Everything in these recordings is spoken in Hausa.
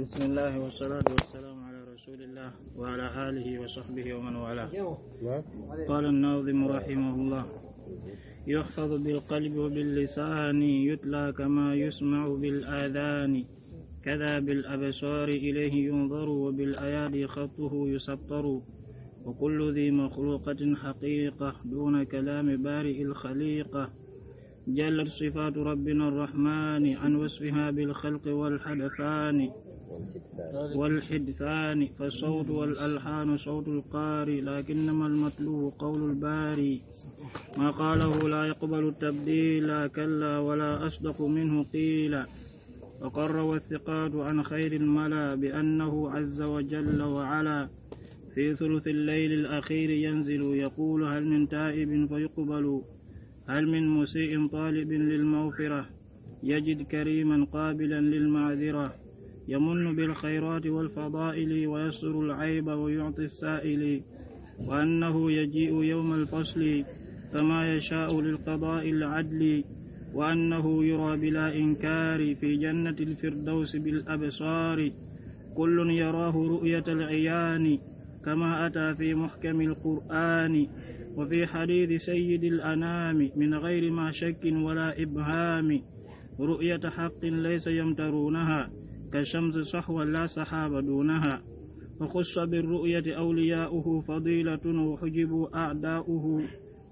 بسم الله والصلاة والسلام على رسول الله وعلى آله وصحبه ومن والاه قال الناظم رحمه الله يحفظ بالقلب وباللسان يتلى كما يسمع بالآذان كذا بالأبصار إليه ينظر وبالأيادي خطه يسطر وكل ذي مخلوقة حقيقة دون كلام بارئ الخليقة جلت صفات ربنا الرحمن عن وصفها بالخلق والحدثان والحدثان فالصوت والألحان صوت القاري لكنما المطلوب قول الباري ما قاله لا يقبل التبديل كلا ولا أصدق منه قيلا وقر والثقات عن خير الملا بأنه عز وجل وعلا في ثلث الليل الأخير ينزل يقول هل من تائب فيقبل هل من مسيء طالب للمغفرة يجد كريما قابلا للمعذرة يمن بالخيرات والفضائل ويسر العيب ويعطي السائل وأنه يجيء يوم الفصل كما يشاء للقضاء العدل وأنه يرى بلا إنكار في جنة الفردوس بالأبصار كل يراه رؤية العيان كما أتى في محكم القرآن وفي حديث سيد الأنام من غير ما شك ولا إبهام رؤية حق ليس يمترونها كالشمس صحوا لا سحاب دونها وخص بالرؤية أولياؤه فضيلة وحجب أعداؤه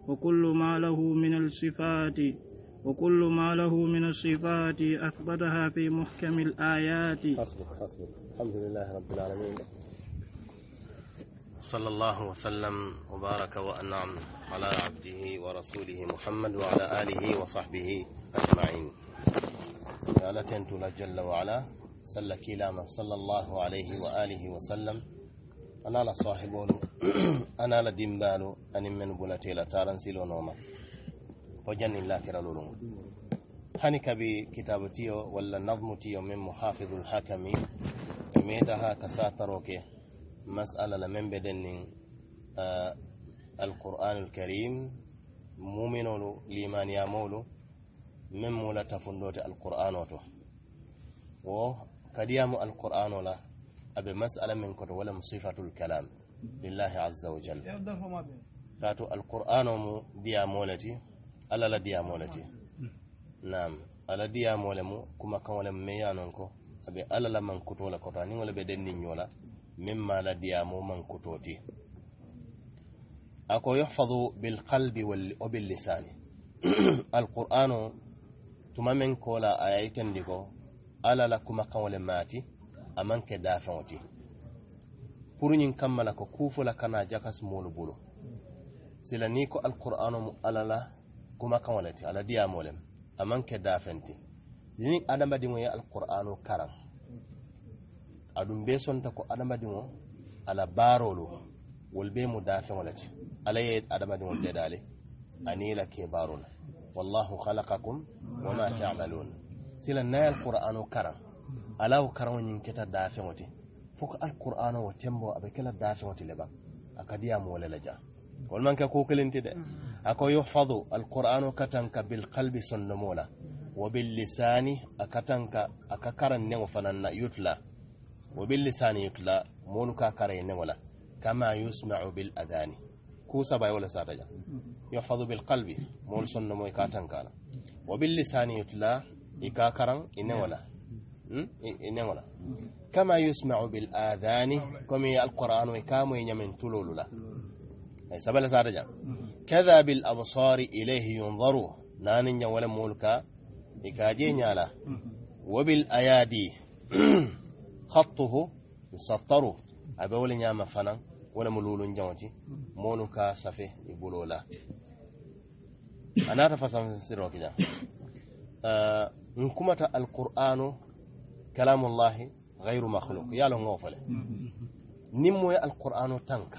وكل ما له من الصفات وكل ما له من الصفات أثبتها في محكم الآيات حسبك حسبك الحمد لله رب العالمين صلى الله وسلم وبارك وأنعم على عبده ورسوله محمد وعلى آله وصحبه أجمعين قالت أنت جل وعلا sallake lamar sallallahu alaihi wa alihi wa sallam anala sahibolu anala dimbalu anin min buna tela taron silo noma fajen nila kira lulun hani kabi kitabu tiyo walla min muhafizul hakami me da haka satar oke mas'ala la min bedan ni eh, alquran alkarim mu'minulu liman ya mulu min mulata alquran wo kadiyamu alqur'ano la abe mas'ala min koto wala sifatul kalam lillahi azza wa jalla kaatu alqur'ano mu diyamoleti ala la diyamoleti nam ala diyamole mu kuma kan kawole meyanon ko abe alala man mankuto la koto aniŋo le be den niñola min ma la diyamo mankutoti ako yuhfadu bilqalbi wa billisani alqur'ano tuma men kola a yayitandi ala la kan wale mati a man ke da ti pour ñiŋ kamma ko kufu la kana jakas mulu bulu sila ni ko AlKur'anu mu ala la kan wale ti ala diya lem a man ke daafeŋ ti niŋ adamadiŋo ye karan karaŋ aduŋ son sonta ko adamadiŋo ala barolo wal bee mu daafeŋo wale ti ala ye Adama le daali aniŋ i la keebaaru la wallahu wa ma tamalun sila nayal qur'ano karan alaw karan nyin keta dafeŋo ti fo ko alqur'ano wo tembo abe kela dafeŋo ti le baŋ a ka diya moo le la jaŋ wolu maŋ ke kuu kilinti de a ko yuhfadu alqur'ano katanka bilqalbi sondomoo la wo billisani a katanka a ka karan neŋo fanaŋ na yutla wo billisani yutla moolu ka kara ye la kama yusmau bil adani kuu saba ye wo le saata jaŋ yuhfadu bilqalbi moolu sondomoo ye ka tanka إكاكرا إنولا نعم. إنولا كما يسمع بالآذان كما القرآن وكام ينمن تلولولا أي سبلا سارجا كذا بالأبصار إليه ينظروا نان ولا مولكا إكاجي نيالا وبالأيادي خطه يسطر أبول نياما فنان wala mo lulun jawti monu ka safe e bulola anata fasan siro kida in kumata alqur'anu kalamullahi ghayru makhluq yalo ngofale nin moye alqur'anu tanka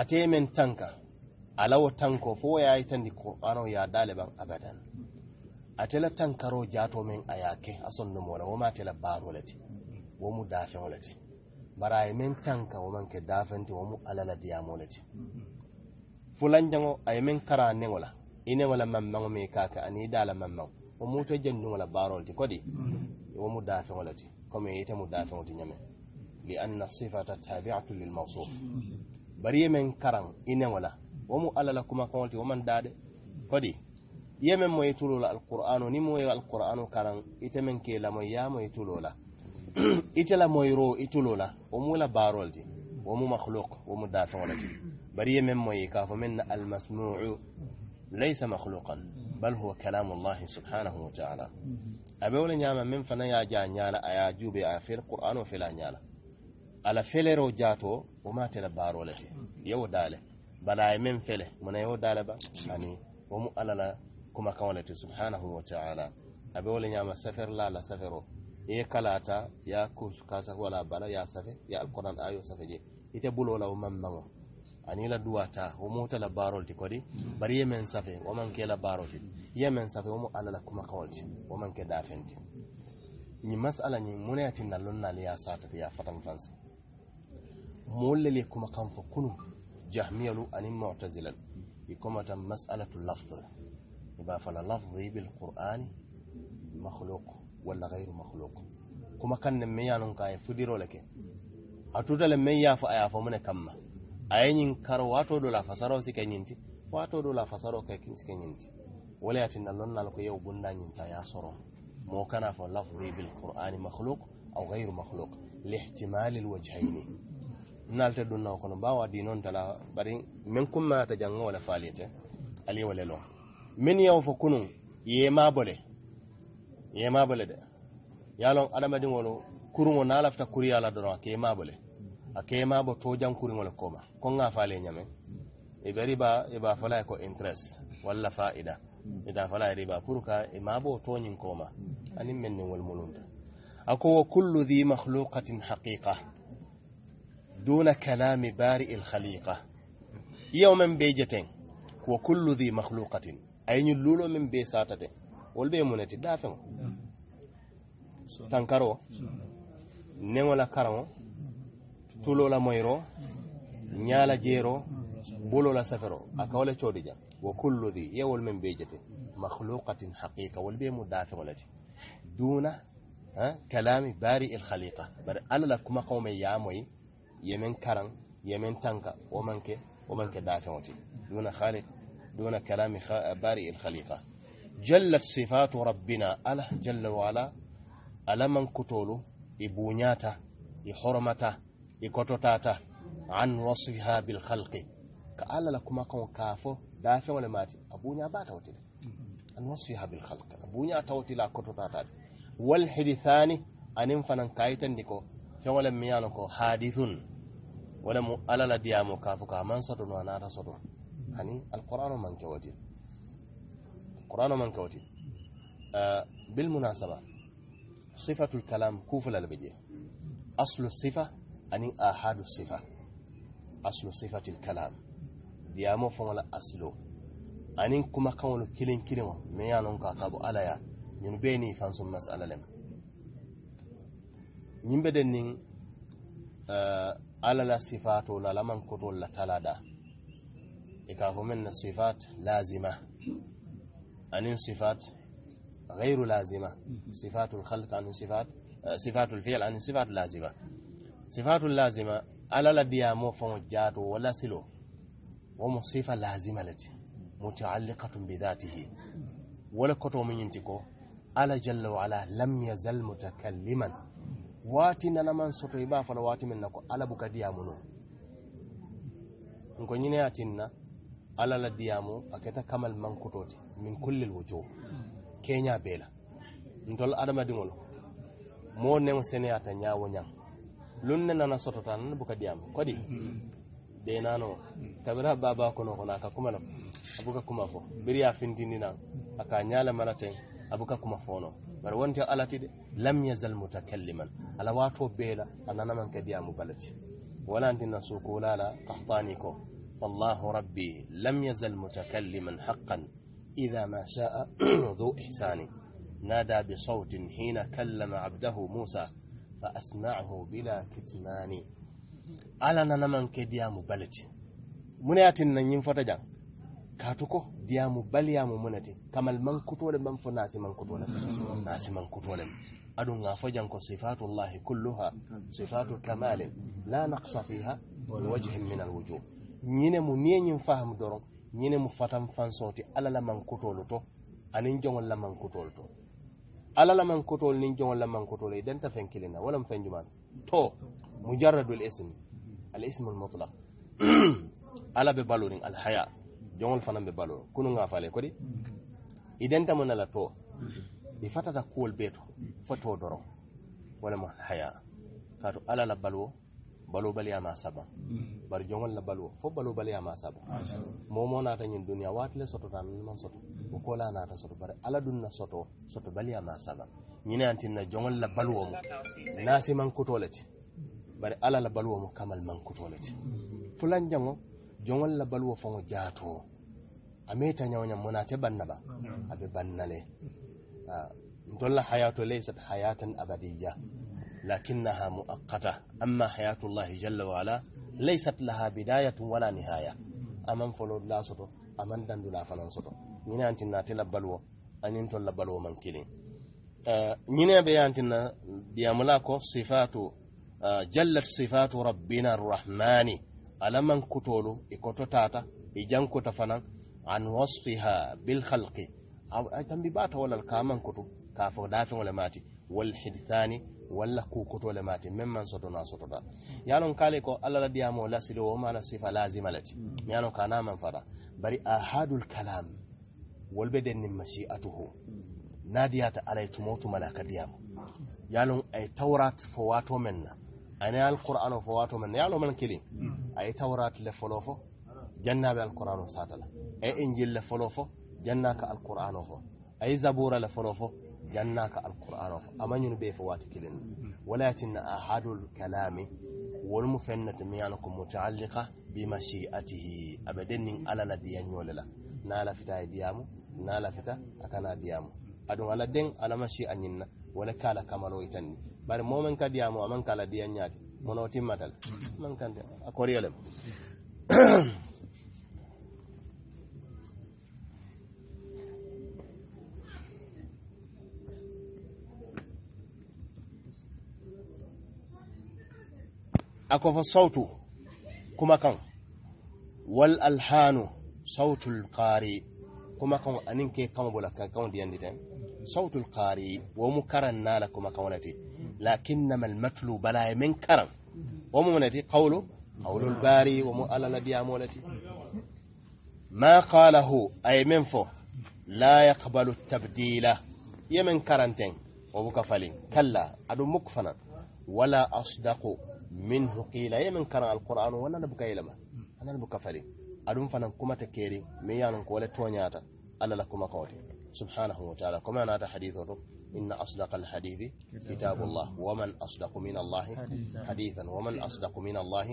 ate men tanka alawo tanko fo yayi tandi qur'ano ya daliban abadan atela tankaro jato men ayake asonno mola wama tela barolati womu dafenolati bara baraye men tanka womanke dafente womu alala diyamolati fulanjaŋo a ye meŋ kara neŋo la i neŋo la mammaŋo meŋ kaa ke aniŋ i daa la mammaŋo E mm. wo mu to la baarol ti kodi wo mu daafeŋo le ti comme ite mu daafeŋo ti ñame li anna sifata tabiatu lil mawsuf mm. bari ye meŋ karaŋ i neŋo la wo mu alla la kumakaŋo ti wo maŋ daa kodi ye meŋ moye tuloo ni alqur'ano niŋ moo ye alqur'ano karaŋ ite meŋ ke lamoy ye a moye tuloo la ite la moyiro mu la baarol ti wo mu makhluq wo mu daafeŋo le ti bari ye meŋ ka fa meŋ na almasmuu laysa makhluqan bal huwa kalamu llahi subhanahu wa taala abe wole ñama min fana ya ja ñala aya juube aya fel qur'an o fela ñala ala felero jato o matela barole te yewo dale bala min fele mona yewo dale ba ani womu alala kuma kawale te subhanahu wa taala abe wole ñama safer la la safero ye kalata ya kursu kasa wala bala ya safe ya alquran ayo safe je ite bulola o mammaŋo ani la duwata wo ta la baarol ti kodi bari ye men safe wo man ke la baarol ti ye men safe wo mu ala la kuma kawol ti wo man ke dafen ti ñiŋ masala ñiŋ mu ne tinna loŋ naali ye a saatati ye a fatan fansi moolu ye kuma kaŋ fo kunu jahmiyalu aniŋ mutazilalu i komata masalatu lafdu la i be a fo la lafdi bilqur'ani makhluq walla gayru makhluq kuma kaŋ ne meŋ ye a loŋ ka a ye fudiro le ke a tuta le meŋ ye a fo a ye a fo mu ne aye yanyin karo waato dola fasaro si ke ñinti waato dola fasaro ke si ke yinti wala ya lon nal ko yau bunda yinta ya soro mo kana fa lafzi bil qur'ani makhluq aw ghayru makhluq li ihtimali al na nalte ɗum naw kono mbawa di noon tala bari min ta janga wala faalite ali wala lo min yaw fo kunum yemabole yemabole de yalon adamadiŋolu kuruŋo na lafta kuriyala doron ake bole ma bo to jankuriŋol koma kon ŋa fale ñame e i be riba i be fala ko interest wala faida ita e fala e riba pour ma i mabo toñin koma anin men nin wol mulunta ako wa kullu dhi makhluqatin haqiqa duna kalami bari al khaliqa yow man be jeten kullu dhi makhluqatin ayñu lulo men be satate wol be munati dafeŋo tankaro ne la karaŋo tulola moyro ñaala jeero bulola sakaro aka wala coodi jam wa kullu dhi yawul min be makhluqatin haqiqa wal be walati duna kalami bari il khaliqa bar alala kuma qawmi ya moy yemen karan yemen tanka o manke o manke dafi'uti duna khaliq duna kalami bari il khaliqa jallat sifatu rabbina ala jalla wa ala ala kutulu ibunyata ihurmata i kototata an wasiha bilhalqi ka alla la kuma kaŋo an wasiha bil khalqi. buña tawote la kototatati walhidithani anin fanaŋ kayitandi ko feŋole miŋ ye ko hadithun wo lemu ka no anin ahadu sifa aslu sifatil kalam diyamo faŋo la asilo anin kuma kiliŋ kilin kilin ye a loŋ ko ka bo alaya ya ñunu ni niŋ fansuŋ masala lem ñiŋ be den niŋ eh, alala alla la sifaatolu ala maŋ la da i e ka na sifat lazima aniŋ sifat غير لازمة صفات الخلق عن صفات صفات الفعل عن صفات lazima. Mhm. sifatu lazima ala la diyamo faŋo jaato wo la silo wo mu sifa lazima le ti mutaalliqatun bi dhatihi wo le koto mu ñinti ko ala jalla wa ala lam yazal mutakalliman waati nanamaŋ soto i be a fo la waati na ko ala buka diyaamu noo nko ñine ye tin na ala la diyaamu a keta kamal maŋ koto ti min kullil wujuu keeñaa bee la ntol adamadiŋo lo moo neŋo seneyaata ñaawo ñaŋ lunne nana sotota buka diyam kodi denano tabira baba kono kono aka kuma no abuka kuma fo biriya findini nan aka nyala manaten abuka kuma fono bar wonte alati de lam yazal mutakalliman ala wato bela anana man ka diyamu balati wala antina sukulala qahtani ko والله ربي لم يزل متكلما حقا إذا ما شاء ذو إحسان نادى بصوت حين كلم عبده موسى fa asma'ahu bila kitmani ala na naman ke diya mu balati muna yatin nan yin fata jan ko diya mu baliya mu munati kamal man kuto da man funa si man kuto da na si man kuto da adun ga fajan ko sifatullahi kulluha sifatu kamal la naqsa fiha wajhin min al wujuh nyine mu niye ñin faham doron nyine mu fatam fansoti ala la man kutolu to anin jongol la man kutolu to alala mankotol nin jogolla mankotola idanta e fen kilena walam fen jumana to mujaradu lism alismu lmutlak ala be balorin alhaya jogol fanan be balor kunuga fale kodi idanta manala to i fatata kuwol be to fo to doro walama alhaya kato alala baluo balobaliya ma saba hmm. bari joŋol la baluwo fo balobaliya ma saba momo ta ɲin duniya waati le sotota niman sota. wo kola ta sota. bari ala duŋ na bali soto baliya ma saba ñine na joŋol la baluwo mu Nasi man kuto la ci bari ala la baluwo mu kamal maŋ kuto Fulan ti hmm. fulanjaŋo joŋol la baluwo faŋo jato. a meeta ñawoñaŋ mu naate banna ba hmm. a be banna le ah, ntolla hayato laysat hayatan abadiya lakinnaha muaqqata amma hayatullahi jalla wa ala laysat laha wala dandu la soto na tela balwo anin man na sifatu sifatu rabbina arrahmani alaman kutolu ikoto tata fanan an wasfiha bil tambi bata wala kaman kutu kafin dafin walla kukotole mati meŋ maŋ sotona sotota ye loŋ kale ko alla la diyamo la sido o mana sifa lazima lati. ti kana mm. man ka na bari ahadul kalam wolu be den niŋ masiatuhu mm. na ta alla ka diyamo ye loŋ a tawrat fo wato meŋ na ane alqur'ano fo wato meŋ na ye man maŋ kiliŋ mm. tawrat le folofo janna be alquran sata la a injil le folofo janna ka alquran fo a ye zabura le folofo jannaka alqur'ana aman yun be fawati kilin walakin ahadul kalami wal mufannat miyanakum muta'alliqa bi mashi'atihi abadan alala diyan yolala nala fita diyamu nala fita akana diyamu adun ala den ala mashi anyinna wala kala kamalo itanni bari momen ka diyamu aman kala diyan nyati mono timmatal man kan akoriyalem ako fa sautu kuma kan wal alhanu sautul qari kuma kan anin ke kan bula kan kan diyan ditan sautul qari wa mu nala kuma kan wanati lakinnama almatlu bala min karan wa mu wanati qawlu qawlul bari wa mu alala diya molati ما قاله أي منفو لا يقبل التبديل يمن كرنتين وبكفلين كلا أدو مكفنا ولا أصدق min hukila qila min karan alqur'anu wannan na buka yelema na buka fari adun fanan kuma ta kere me yanan ko le tonyata alla la kuma kawte subhanahu wa ta'ala kuma na ta hadithu to inna asdaqal hadithi kitabullah wa man asdaqu min allah hadithan wa man asdaqu min allah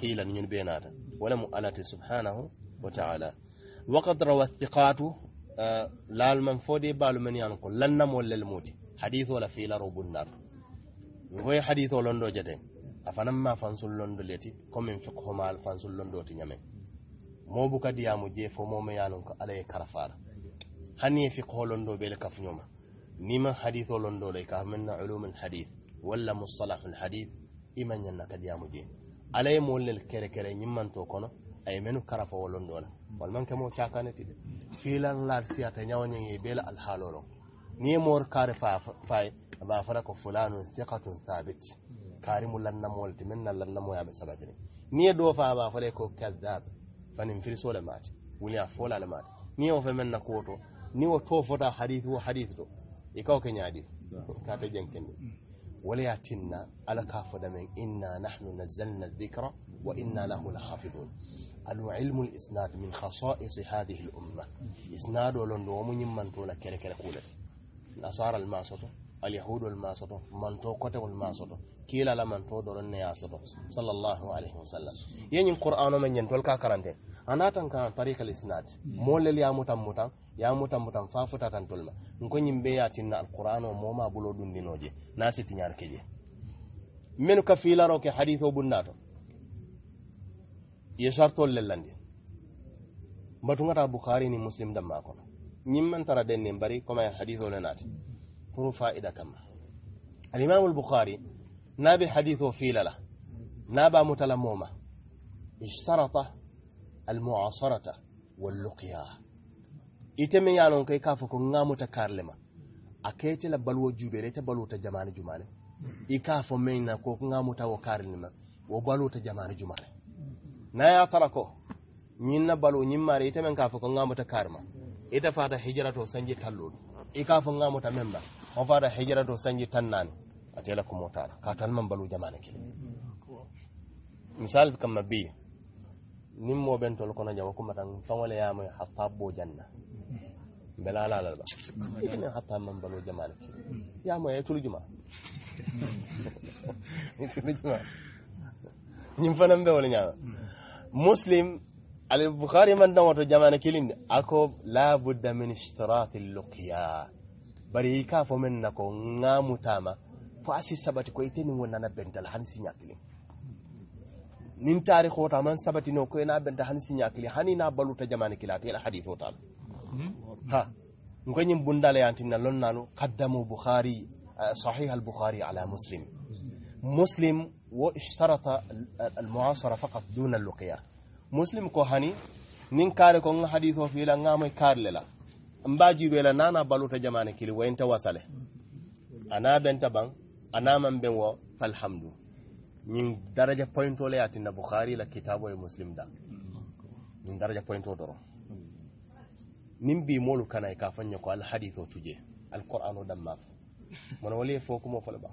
qila min bainata wala alati subhanahu wa ta'ala وقد روى الثقات laal man fodi balu man yan ko lannamol lel hadith wala fiilaro bunnar mi hoye hadith o londo jate. afanan ma fansullondo leti commin fikhoma al fansullondoti ñamen mo buka diyamu je fo momo yanum ko ala karafara hani ye fikholondo bele kafuñoma nima haditho londo lay ka minna ulumul hadith walla mustalahul hadith ima ñanna ka diyamu je ala ye mollel kere kere ñimmanto kono aye menu karafowo londo la walmanke mo cakaneti de filan laal siyata ñawañaŋ ye bele alhaalolo ni mor moor kaare fa faye aba ko fulanun thiqatun thabit كاريم ولا نمول تمنا لا نمو يا بسبتني ني دو فا با فلي كذاب فنم في رسول مات نعم. ولي افول على مات ني او فمن نكوتو ني او تو فوتا حديث وحديث تو كني ادي كاتا جنكني ولي اتنا على كاف دمن اننا نحن نزلنا الذكر وانا له لحافظون ادو الاسناد من خصائص هذه الامه اسناد ولندو من من تولا كركر كولت نصار الماسوتو alyahudol ma soto manto kotewol ma soto kiilala manto donon ne ya soto sallllahu alayhi wasallam yeñin qur'ano men ñen tol ka karante anatan kan tariqa l isnad molel yamutan mutan yamutan mutan fa futatan tolma nko ñimɓe yatinna alqur'ano moma bulo ɗundinoje na sitiñar keje min ka filaro ke hadith o bunnato ye sartol lellandi bukhari ni muslim damma kono ñimman bari كرو فائدة كما الإمام البخاري نابي حديثه في للا نابا متلموما اشترط المعاصرة واللقيا يتمي يالون كي كافوكو نامو تكارلما أكيت لبلو جوبيري تبلو تجمان جمان إكافو مينا كوكو نامو تاوكارلما وبلو تجمان جمان نايا تركو نينا بلو نيماري يتمي كافوكو نامو تكارما إتفاد حجرة وسنجي تلولو i ka fo ŋamuta meŋ ba wo fata hijira to sanji tan naani ate la kumo taala ka tan maŋ balu jamana kili misali kamma bi niŋ moo ben tolu kono jawo kumata faŋo le yaamu hatta bo janna bela ala la ba ikene hatta maŋ balu jamana kili yaamu ye tulu juma tulu juma ñiŋ fanaŋ be wo le ñaama muslim البخاري من دوت جمان كلين أكو لا بد من اشتراط اللقيا بري كافو منكو نامو تاما فأسي سبت كويتين ونانا بنت الحنسي ناكلين nin taari hoota man sabatino koye na benta hani siñakili hani na baluta jamani kila tela hadis o tan ha nkoñin bundale yantinna lonnanu qaddamu bukhari sahih al bukhari ala muslim muslim wo ishtarata al muasara faqat duna al luqya muslim ko hani nin kare ko nga haditho fi la nga moy karle la mbaji be la nana baluta jamana kili wayenta wasale ana benta bang ana man ben wo falhamdu nin daraja pointo le na bukhari la kitabo e muslim da nin daraja pointo doro nin bi molu kana ka fanya ko al haditho tuje al qur'ano damma mon wali e fo ko mo fala ba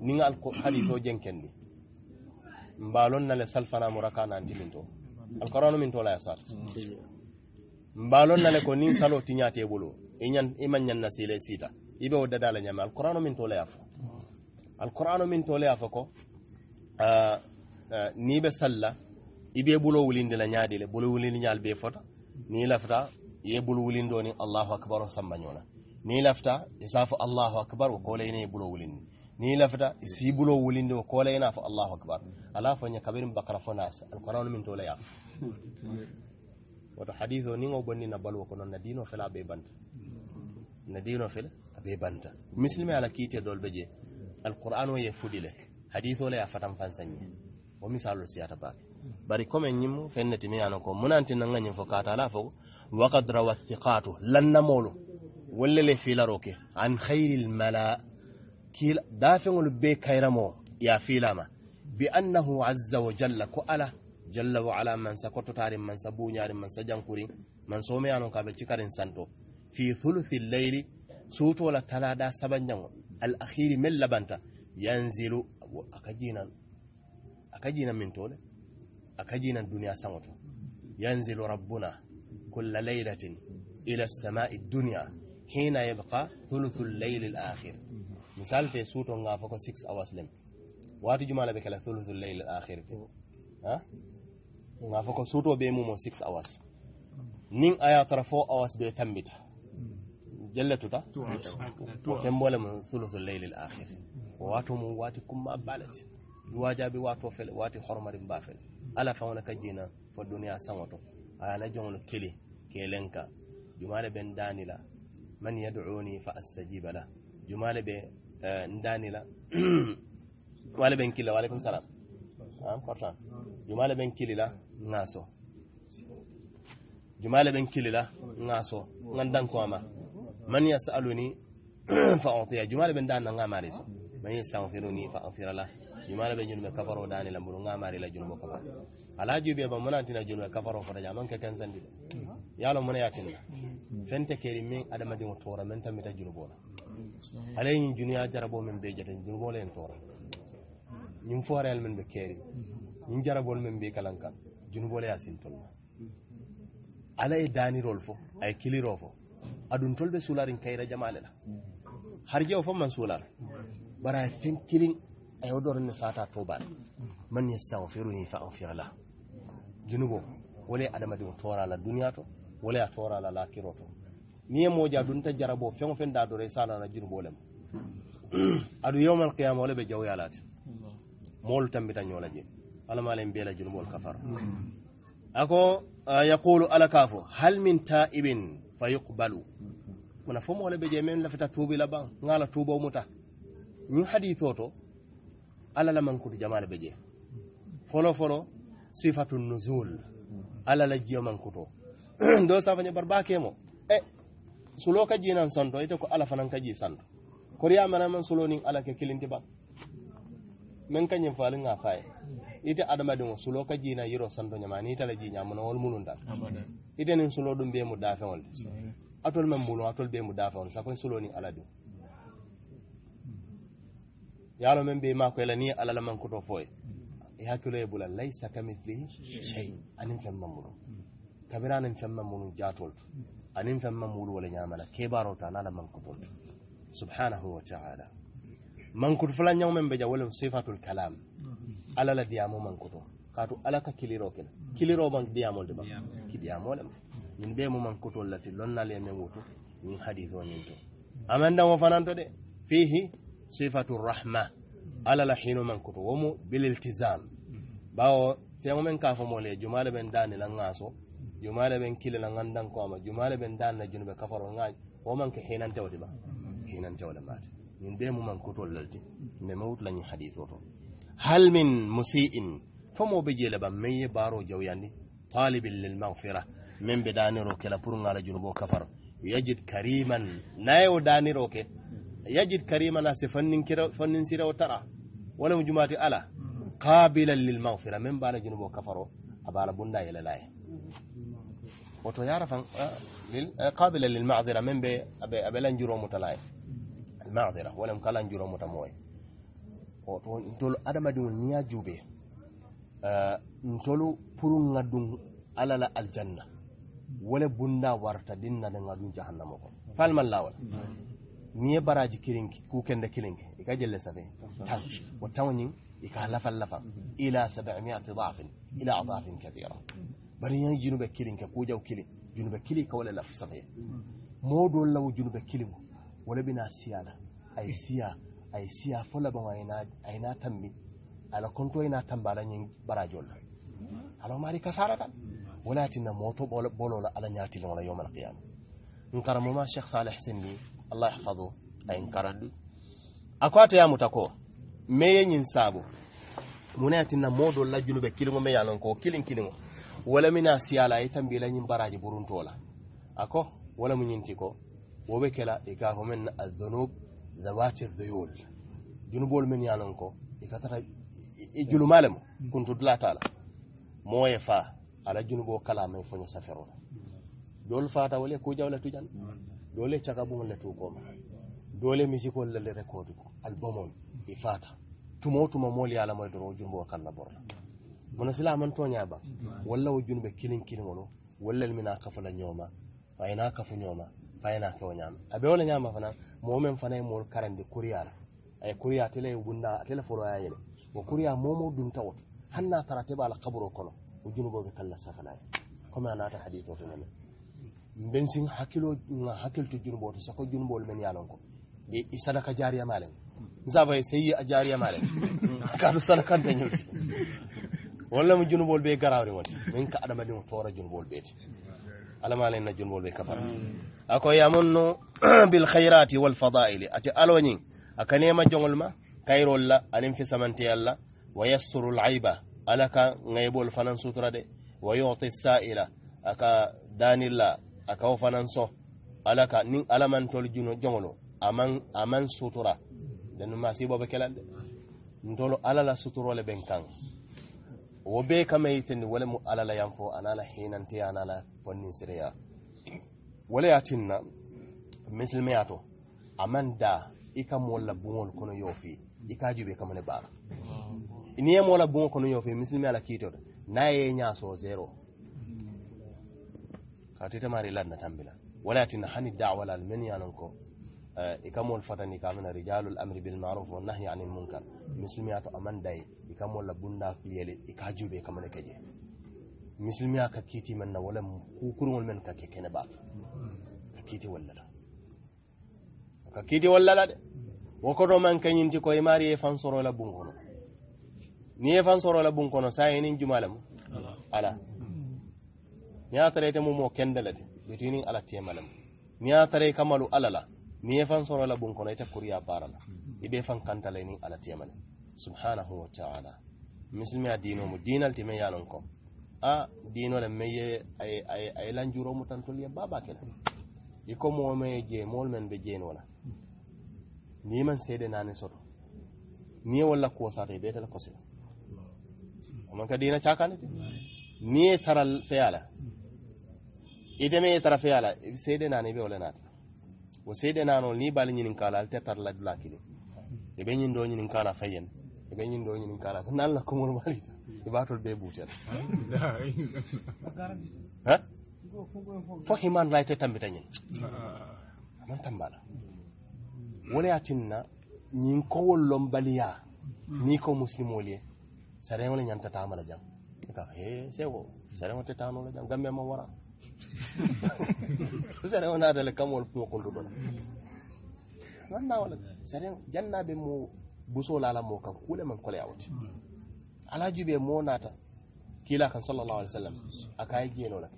nin al haditho jenkendi mbalon na le salfana muraka na ndimin to alquranu min to la yasat mm. mbalon na ko nin salo tinyate bolo inyan iman nyanna sile sita ibe wadda dala nyama alquranu min to la yafa mm. alquranu min to la yafa ko ah, ah, ni be salla ibe bulo wulinde la nyaade le bulo wulinde nyaal be fota ni lafta ye bulo wulindoni allahu akbar sambañona ni lafta isafu allahu akbar k'o koleyne bulo wulinde ni lafta isibulo wulinde ko la ina fa Allahu akbar ala fa nya kabirin bakara fa nas alquran min tola ya wato hadith ni ngo bonni na balwa ko non na dino fela be banta na dino fela be banta muslimi ala kite dol beje alquran wa yafudile hadith la ya fatan fansanye o misalu siyata ba bari kome nyimu fenne timi yana munanti nan ganyin fo kata ala fo waqad thiqatu lan namulu wallele filaroke an khairil mala' kila dafin be kayramo ya fila ma bi annahu azza wa jalla ko ala jalla wa ala man sa tarin man sa buñarin man sa jankurin man anon someyanon kaɓe cikarin santo fi thuluthi leyli suutola talaɗa sabanjango al akhiri min labanta yanzilu aka jinan aka jinan min tole aka jinan duniya sango to yanzilu rabbuna kulla leylatin ila samai dunia hina yabqa thuluthu lleyli l akhir misal fe suto nga fo ko 6 hours lem watu jumala be kala thuluthul layl al akhir fe ha nga fo ko suto be mu mo 6 hours nin aya tara 4 hours be tambita jallatu jallatuta tembole mu thuluthul layl al akhir watu mu wati kuma balati wajabi wato fel wati hormari ba fel ala fa wona kajina fo duniya sanwato na jonglo kele kelenka jumala ben danila man yad'uni fa astajiba la jumala be ndanila wala ben kila waaleykum salam am kortan jumala ben kilila ngaso jumala ben kilila ngaso ngan ko ma man yasaluni fa utiya jumala ben dan nga mari so man yastaghfiruni fa afira la jumala ben jumbe kafaro dani la mulu nga mari la jumbe kafaro ala jube ba mun na junbe kafaro fa da man ka kan sandi yalo mun yatin mm-hmm. fente keri min adama dimo tora men tamita jumbe la ale ñin juniya jarabo min be jun junubole len tora ñin forel min be keri ñin jarabol min be kalanka le ya sintolma ala e dani rol fo ay e kili ro fo adun tol be sularin kayira jamale la jeo fo man sular bara a ye fen kilin a yo ne sata toba man yastahfiruni fa anfira la junubo wole adamadiŋo torala duniya to wole a la lakiro to ni ye moja dunta jarabo feŋo feŋ daa dora isa nana junubo lem aɗu yowmal qiyama wole ɓe jawyalate moolu tambita ñoola je alamalen beela junubol kafar hmm. ako uh, yaqulu ala ka fo hal min taibin fa yuqbalu mona fo moole ɓe je men lafita tuubi la ɓan ngala tuubow muta ñu hadito to ala la mankutu jamala ɓe je folo folo sifatu nuzul ala la jiyo mankuto do safañe barbakemo e eh, sulo ka jinan santo ita ko ala fanan ka ji santo koriya mana man sulo nin ala ke kilinti ba men kan yin falin afaye ite adamadin sulo ka jina yiro santo nyama ni tala ji nyamuna wol mulun dal ite nin sulo dum be mu dafe wol atol man mulo atol be mu dafe sa ko sulo nin ala ya yalo men be ma ko la ni ala la man ko to foye e hakkilo e bula laysa kamithlihi shay anin fem mamulo kabiranin man mamulo jatol anin femma mulu wala ñamala kebarota nala mankutoto subhanahu wa taala mankutu fula ñaw men be ja wolem sifatul kalam ala la diyamo mankuto kaatu ala ka kiliro kela kiliro man diyamol de ba ki diyamolem ñin be mo mankutol lati lonnal ye men wutu ñin hadith o ñin to amandamo fananto de fihi sifatu rahma ala la hino mankuto womu bililtizam bawo feŋo men ka mole jumale ben dani jumale ben ngandan ko ma jumale ben danna junube kafaro hinan tawde ba hinan tawde mate min be muman kotol lalde ne mawut hadis hadith oto hal min musi'in fomo be jele ba meye ye baro jawyandi talibil lil maghfira min be daniro la pur ngala junubo kafaro yajid kariman nayewo daniro ke yajid kariman se fannin sirawo tara wala jumati ala qabilan lil maghfira min bala junubo kafaro a bunda yelelaye وتو يعرف أه، أه، قابلا للمعذره من بي ابي ابي لانجرو متلاي المعذره ولم كلانجرو متموي وتو انتول ادم ادو نيا جوبي ا أه، انتولو بورون غادون على الجنه ولا بوندا ورتا دين نان غادون جهنم فالم الله ني براج كيرينكي كو كند كيلينكي كا جيل سافي تان وتاوني يكا لفا لفا الى 700 ضعف الى اضعاف كثيره bari yan junube kiliŋ ke kujaw kiliŋ junube kili ka wala lafi saŋye moo doolu la wo junube kiliŋo wo le siya la a siya a ye siya fo labaŋo a ye tambi a la konto ye naa tambi la ñiŋ barajol la ala maari kasarata wala ye tinna moto to bolo la ala ñaatiliŋo la yowma alqiyama nkaramo ma cheikh saleh sinni allah yahfadu a ye nkaradu ya mutako meye ye muta ko me ye la junube kiliŋo me ye a loŋ ko kiliŋ kiliŋo wala mina siyala ayi tambila ñin baraji buruntola ako wala muñinti ko wobe kela i ka fomen na aldonub zawati duyul junubolu men yanon ko i katata i julumale mo kuntudulatala moye fa ala junubo kala may foño saferola dool fata wole ku jawle tujan doole caka bumol le tukoma doole misikol lele rekodu ko albomol i fata tumo tuma mool yalamoye doro junubo kalla borla to nya ba walla wo junube kilin wono walla mina ina ka fayina kafu fa fayina ka ñaama abe wala nyama fana mo men fana ye moolu karandi kuriyara kuriya tele ye tele foro foloya yele wo kuriya mo dun woto han na tara teba ala kaburo kono wo junubo be kalla safanaye comme a ta hadith oto nene mben sin hakkilo hakil to junubo to sako junubolu men yalon ko e sadaka jariyamalen nsavaye sayi a jariyamalen sadaka tan ñolti walla mo junubol ɓe garawre wonde min ka adamadiŋo toora junubol ɓeete alama alayna junubol ɓe kafara ako yamunnu bil hayrati walfadaili ate aloñin aka nema jogol ma kayrol la anin fisamanteyal la wa yassuru laiba ala ka ŋaybol fanan sutura de wa yuti saila aka danilla aka wo fanan so ala ka nin alamantol jogolo aman aman sutura dennu masibo be kelal de ntolo ala la suturole ɓen kaŋ wo be kama yitindi wole mu ala la fo ana la hinante ana la fonnin sireya wole ya tinna misilimeya to man da i ka moolu la buŋolu kono yofi i ka jube kamane baara niŋ ye moolu la buŋo kono yofi fi misilimeya la kiito to ye ñaa soo zero kaatu ite maari na tambila wala ya tinna hani dawa la almen ye ko ikamol fatani kamina rijalul amri bil ma'ruf wa nahyi anil munkar to aman dai ikamol la bunda kuliyele ika jube kamana keje muslimiya ka kiti man na wala kukurun men ka kene ba ka kiti wallata ka kiti wallala de wokoto man kanyinti koye mari e fan sorola bungono ni e fan sorola bunkono jumala jumalamo ala ni a mo mumo kendalate betinin ala temalam ni a tare kamalu alala ni ye fan sorola bun kono ite kuriya bara la i be fan kantala ni ala tiyamane subhanahu wa ta'ala misilmi a dino mu dinal ti me yalon ko a dino le me ay ay ay lan juro mu tantol ye baba kela i ko mo me je mol men be jeno la ni man sede nane soto ni wala ko sare be dal ko se man ka dina chakane ni taral feyala ite me taral feyala sede nane be wala nate wo seede nanol ni bali ñinin kala alte la dula kili e be ñin do ñinin kala fayen e be ñin do ñinin kala ko la ko mon walita e batol be butel ha fo himan rayte tambita ñin man tambala wala yatinna ñin ko wollom baliya ni ko muslimol ye sareŋo le ñanta tamala jam ka he sewo sareŋo te tanola jam gambe ma wara sare ona dale kamol ko ko ndudon non na wala sare jannabe mo buso lala mo kan kule man kole yawti ala be mo nata kila kan sallallahu alaihi wasallam akai geno la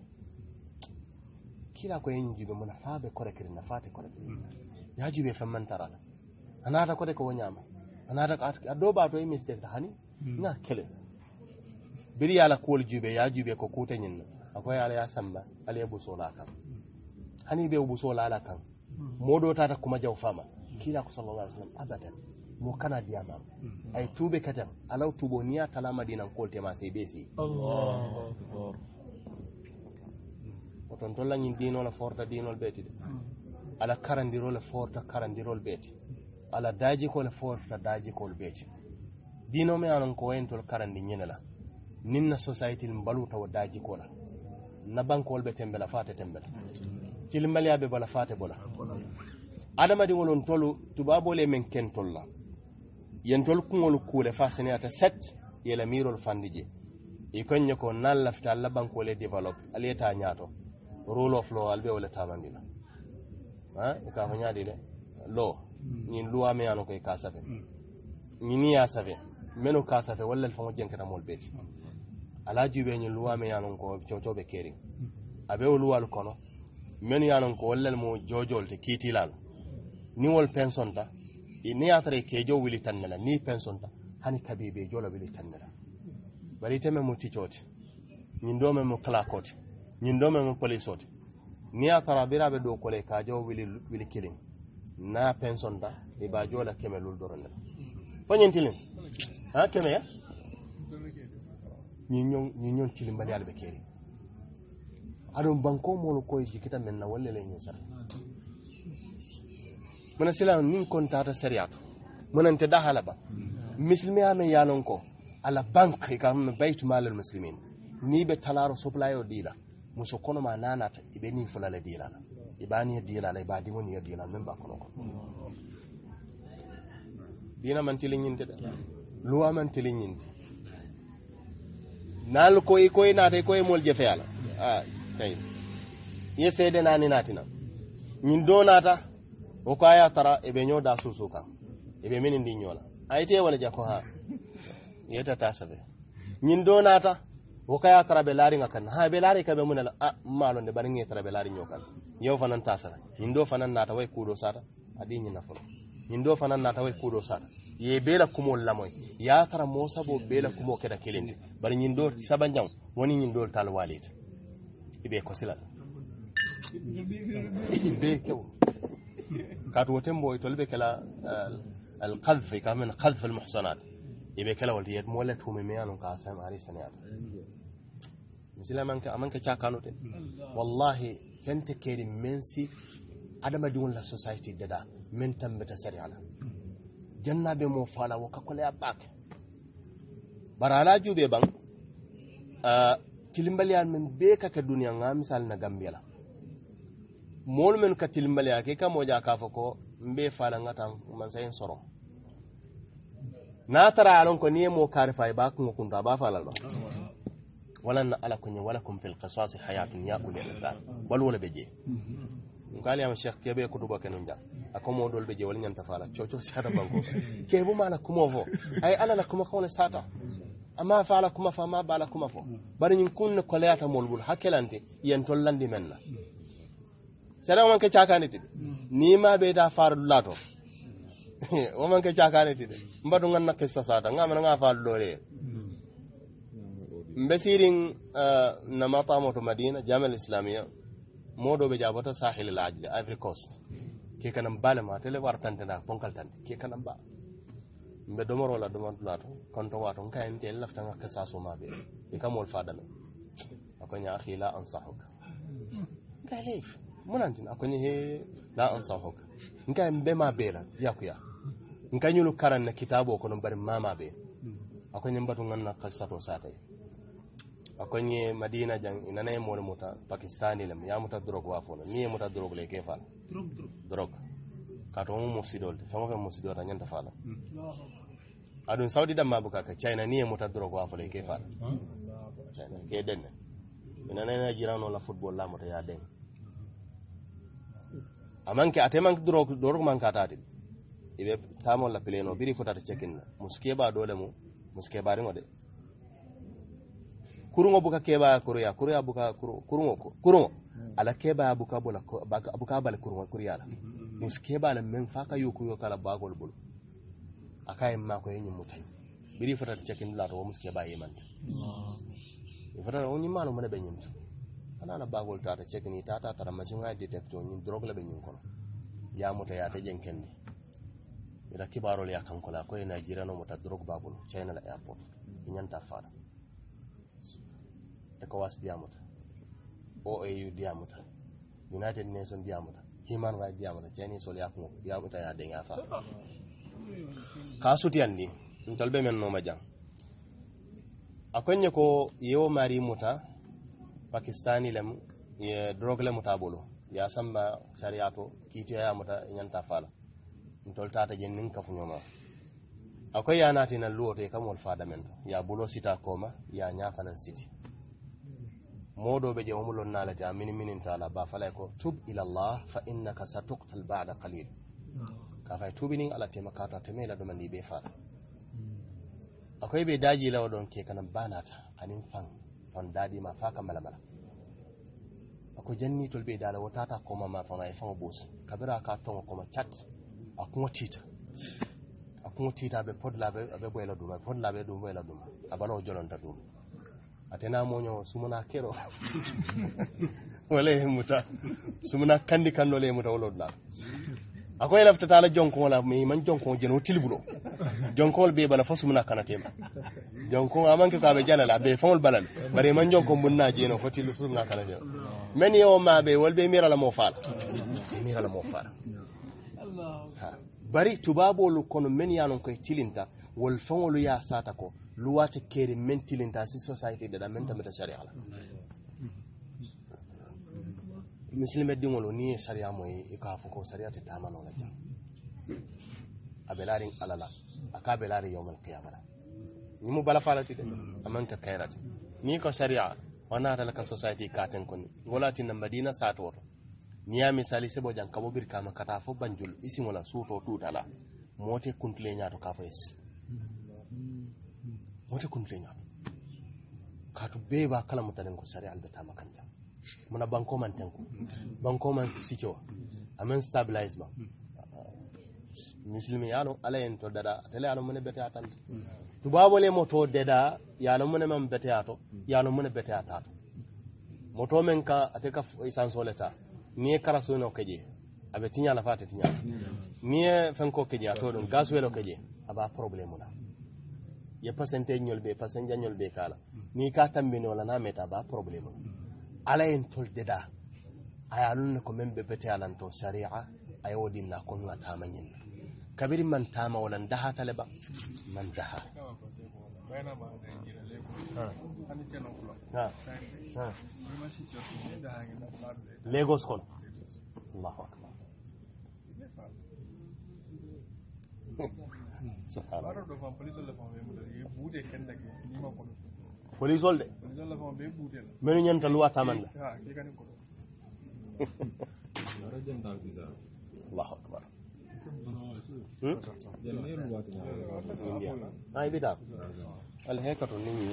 kila ko yin jibe mun fa be kore kirin na fate kore kirin ya jibe fan man tarala anata kore ko wanyama anata a do ba to yi e mistake ta hani hmm. na kele biri yala kol jube ya jube ko kutanyin nan akwai ala yasan ba ala ya buso la kan hani bai buso la ala kan modo ta ta kuma ma kila ku sallallahu alaihi wasallam abadan mo kana diya ma hmm. ai tube katam alaw tubo niya tala madina ko te ma sai besi Allahu akbar hmm. to ton tolla nyin dino la forta dino al beti hmm. ala karandiro la forta karandiro la beti ala daji ko la forta daji ko al beti dino me anon ko en to karandi nyinela ninna society mbalu wa daji ko la na bankowol ɓe tembela fate tembela kilimaliya ɓe bala fate bola adamadiŋol on tolu tubabol e men kentol la yen tol kuŋol kuule fa seneyata set la mirol fandi je i koñe ko nan lafita alla bankowol e développe ala yeta ñaato rule of law be wala tamandi la ha e ka honya de law ni luwa me ano ko e ka safe mm. ni ni ya safe meno ka safe wala fa mo jenkata mol beti mm. alaji be ñin luwa me yanon ko coco be keri abe wolu wal kono men yanon ko wallal mo jojol te kiti lal ni wol pension ta ni atare ke jo wili tannela ni pension ta hani kabibe jola wili tannela bari teme mo ticote ñin do me mo klakote ñin do me mo polisoti ni atara birabe do kole ka jo wili wili kilin na pension ta e ba jola kemelul doronela fo ñintilin ha keme ñiñon cilimbaliyaal ɓe keeri aɗum banko moolu koye jikita men na walle leñin sar mona silam nin kontata sériyato monante daxala ba misilmeya men yalon ko ala banque kam malal muslimin ni ɓe talaro soplayo ɗila muso kono ma nanata iɓe ni fulale dilala ibaniya dilala iba dimoniya dilala men ba ko kon dina man tiliñinde de luwa man tiliñinde nal koy koy naate koy mool jefe ala a ah, tay ye seede naani na ñin do naata wo ko aya tara e ɓe ñoo da suusu kan e ɓe mini ndi ay ayite wala jako ha yetata sabe ñin do naata o kaya tara laari nga kan ha ɓe laari kaɓe munela ah, malo de bari ŋe tara be laari ñoo kan yewo fanan ta sabe ñin do fanan naata way kuuɗo sata adi ñina folo ñin do fanan naata way kuuɗo sata ye bela kumo lamoy ya tara mo sabo bela kumo keda kelinde bar nyin do sabanjam woni nyin do tal walita ibe ko silal ibe ko kat wotem boy tolbe kala al qadhf ka min qadhf al muhsanat ibe kala wal yed mo latu me miano ka sam ari saniyat misila man ka man ka cha kanu te wallahi fente kedi mensi adama diwon la society dada men tambata ala janna be mo fala wo kakoleya baake bara ala juuɓe ban an men be kake duniya ga misal na gambia la mol men ka ya ke ka moja ka fa ko mbe fala nga tan mansayin soro na tara alon ko niye mo karifa ba kungo kunta ba fala ba wala na ala wala kum fil qisas hayatun ya ulil albab wal wala beje nkali am cheikh kebe ko tuba kenu nda akomo dol be jewal nyanta fala coco sata banko kebu mala kuma fo ay ala la kuma kone sata amma fala kuma fa ma bala kuma fo bari nyin kunna leata molbul hakkelante yen tollandi menna sara man ke chakani tidi ni ma be da faru lato o man ke chakani tidi mbadu ngan nakissa sata ngam nga fa dole mbesirin uh, na moto madina jamal islamiyya moɗoɓe sahil laaj ajli ivory coast ke kanan balema tele war tantena ponkal tante ke kanam ba mbe la domorola domantula to kay en tel lafta ngak sa so ɓe e kamol fadame akoña ahi la ansahuka nkaye leif munantin akoña he la mbe nkaye mbema beela yakuya nkañulu karan na kitabo kono bari mama ɓe akoña mbatu ganna sa satay akonye madina jang inana e mole muta pakistani lem ya muta drog wa fono mi e muta drog le ke fala drog drog ka to mu mufsidol fe mo fe mufsidol ta nyanta fala hmm. adun saudi da mabu ka china ni e muta drog wa fono ke fala hmm. china ke den inana na jirano la football la muta ya den amanke atemanke drog drog man ka tati ibe tamol la peleno biri fotata cekinna muske ba dole mu muske bari mo de kurungo buka keba kuriya kuriya buka kurungo kurungo hmm. ala keba buka bola buka bal kurungo kuriya la mus hmm, hmm, keba la men faka yoku yokala bagol bulu akaye ma ko yenyi mutai biri fata ta cekin la to mus keba yemanta fata on yi malu mana benyin to ana na bagol ta ta cekin ta ta tara majin ga detector nyin drug la benyin ko ya muta ya ta jenken ne ila kibarol ya kankola ko ina jirano muta drug babul china la airport nyanta fara ECOWAS diyamuta OAU diyamuta United Nations diyamuta Human Rights diyamuta chinese sol yakumo diyamuta ya denga fa ka sutiyandi ntolbe men noma Akwai ne ko yewo mari muta Pakistani lem ye drug le ta bolo ya samba shariato kiti ya muta ta fala ntol tata jennin kafu nyoma akwai yana tinan luwa to ya kamol fada men ya bulo sita koma ya nan siti modo be je womulon nala ja mini minin tala ba falay ko tub ila allah fa innaka satuqtal ba'da qalil ah. ka fay tubini ala tema ka ta teme la do man be fa hmm. akoy be daji lawa don ke kanan banata kanin fan fan dadi ma fa kamala mala ako janni tol be dala wata ta koma ma fa mai fa bos kabira ka tongo ma chat akuma tita akuma tita be podla be be boyla duma podla be duma boyla duma abalo jolonta duma A atena su muna kero muta su muna kandi Kando kandole hemuta akwai lafta tala jonkon wala mai man jonkon jino tilbulo wala be bala fa Kana tema. kanatema jonkon amanke ko aɓe jalala fa wala balal bare man jonkon bunna jeno fo til sumuna kanatema men yewo maɓe wolɓe mirala mo fala mira la mo fala bari tubabolu kono men yanon koye tilinta wol feŋolu ye a sata ko luwaate keeri meŋ tilinta si society dada meŋ tamita sariya la misilime diŋolu niŋ ye sariya mo ye i ka fo ko sariya te taamano la jaŋ a be laariŋ alla la a ka be laari yawmal qiyama la mu balafa la ti de a maŋ ka kayira ti niŋ ko sariya wo naata la ka society ka teŋ koni wo la na madina saatoo to niŋ ye misali sebo jaŋ ka bo biri kaama ka taa fo banjul isiŋo la suutoo tuuta la moo te kuntule ñaato ka fo yes wote k'a kaatu bee ba kala mutanen ko sari aldatama kanja muna banko man ko banko man sikewa amen stabilize ban muslimi yalo ala en to dada tele yalo mune bete atan tubabo le moto deda yalo mune man bete ato yalo mune bete atato moto men ka ate ka isan soleta ni kara so no keje abe tinya la fate tinya ni fenko keje ato don gaswelo keje aba problemu na ye pasente ñol be pasanja ñol be kala ni ka tambino la na meta ba problème ala en tol deda ay alun ko men be bete alan to sharia aya wodin na kon ngata manyin kabir man tama wala ndaha taleba man daha Lagos kon Allahu akbar policeol de menu ñanta luwa taman la allahu akbar ay bida al hekatu ni ñi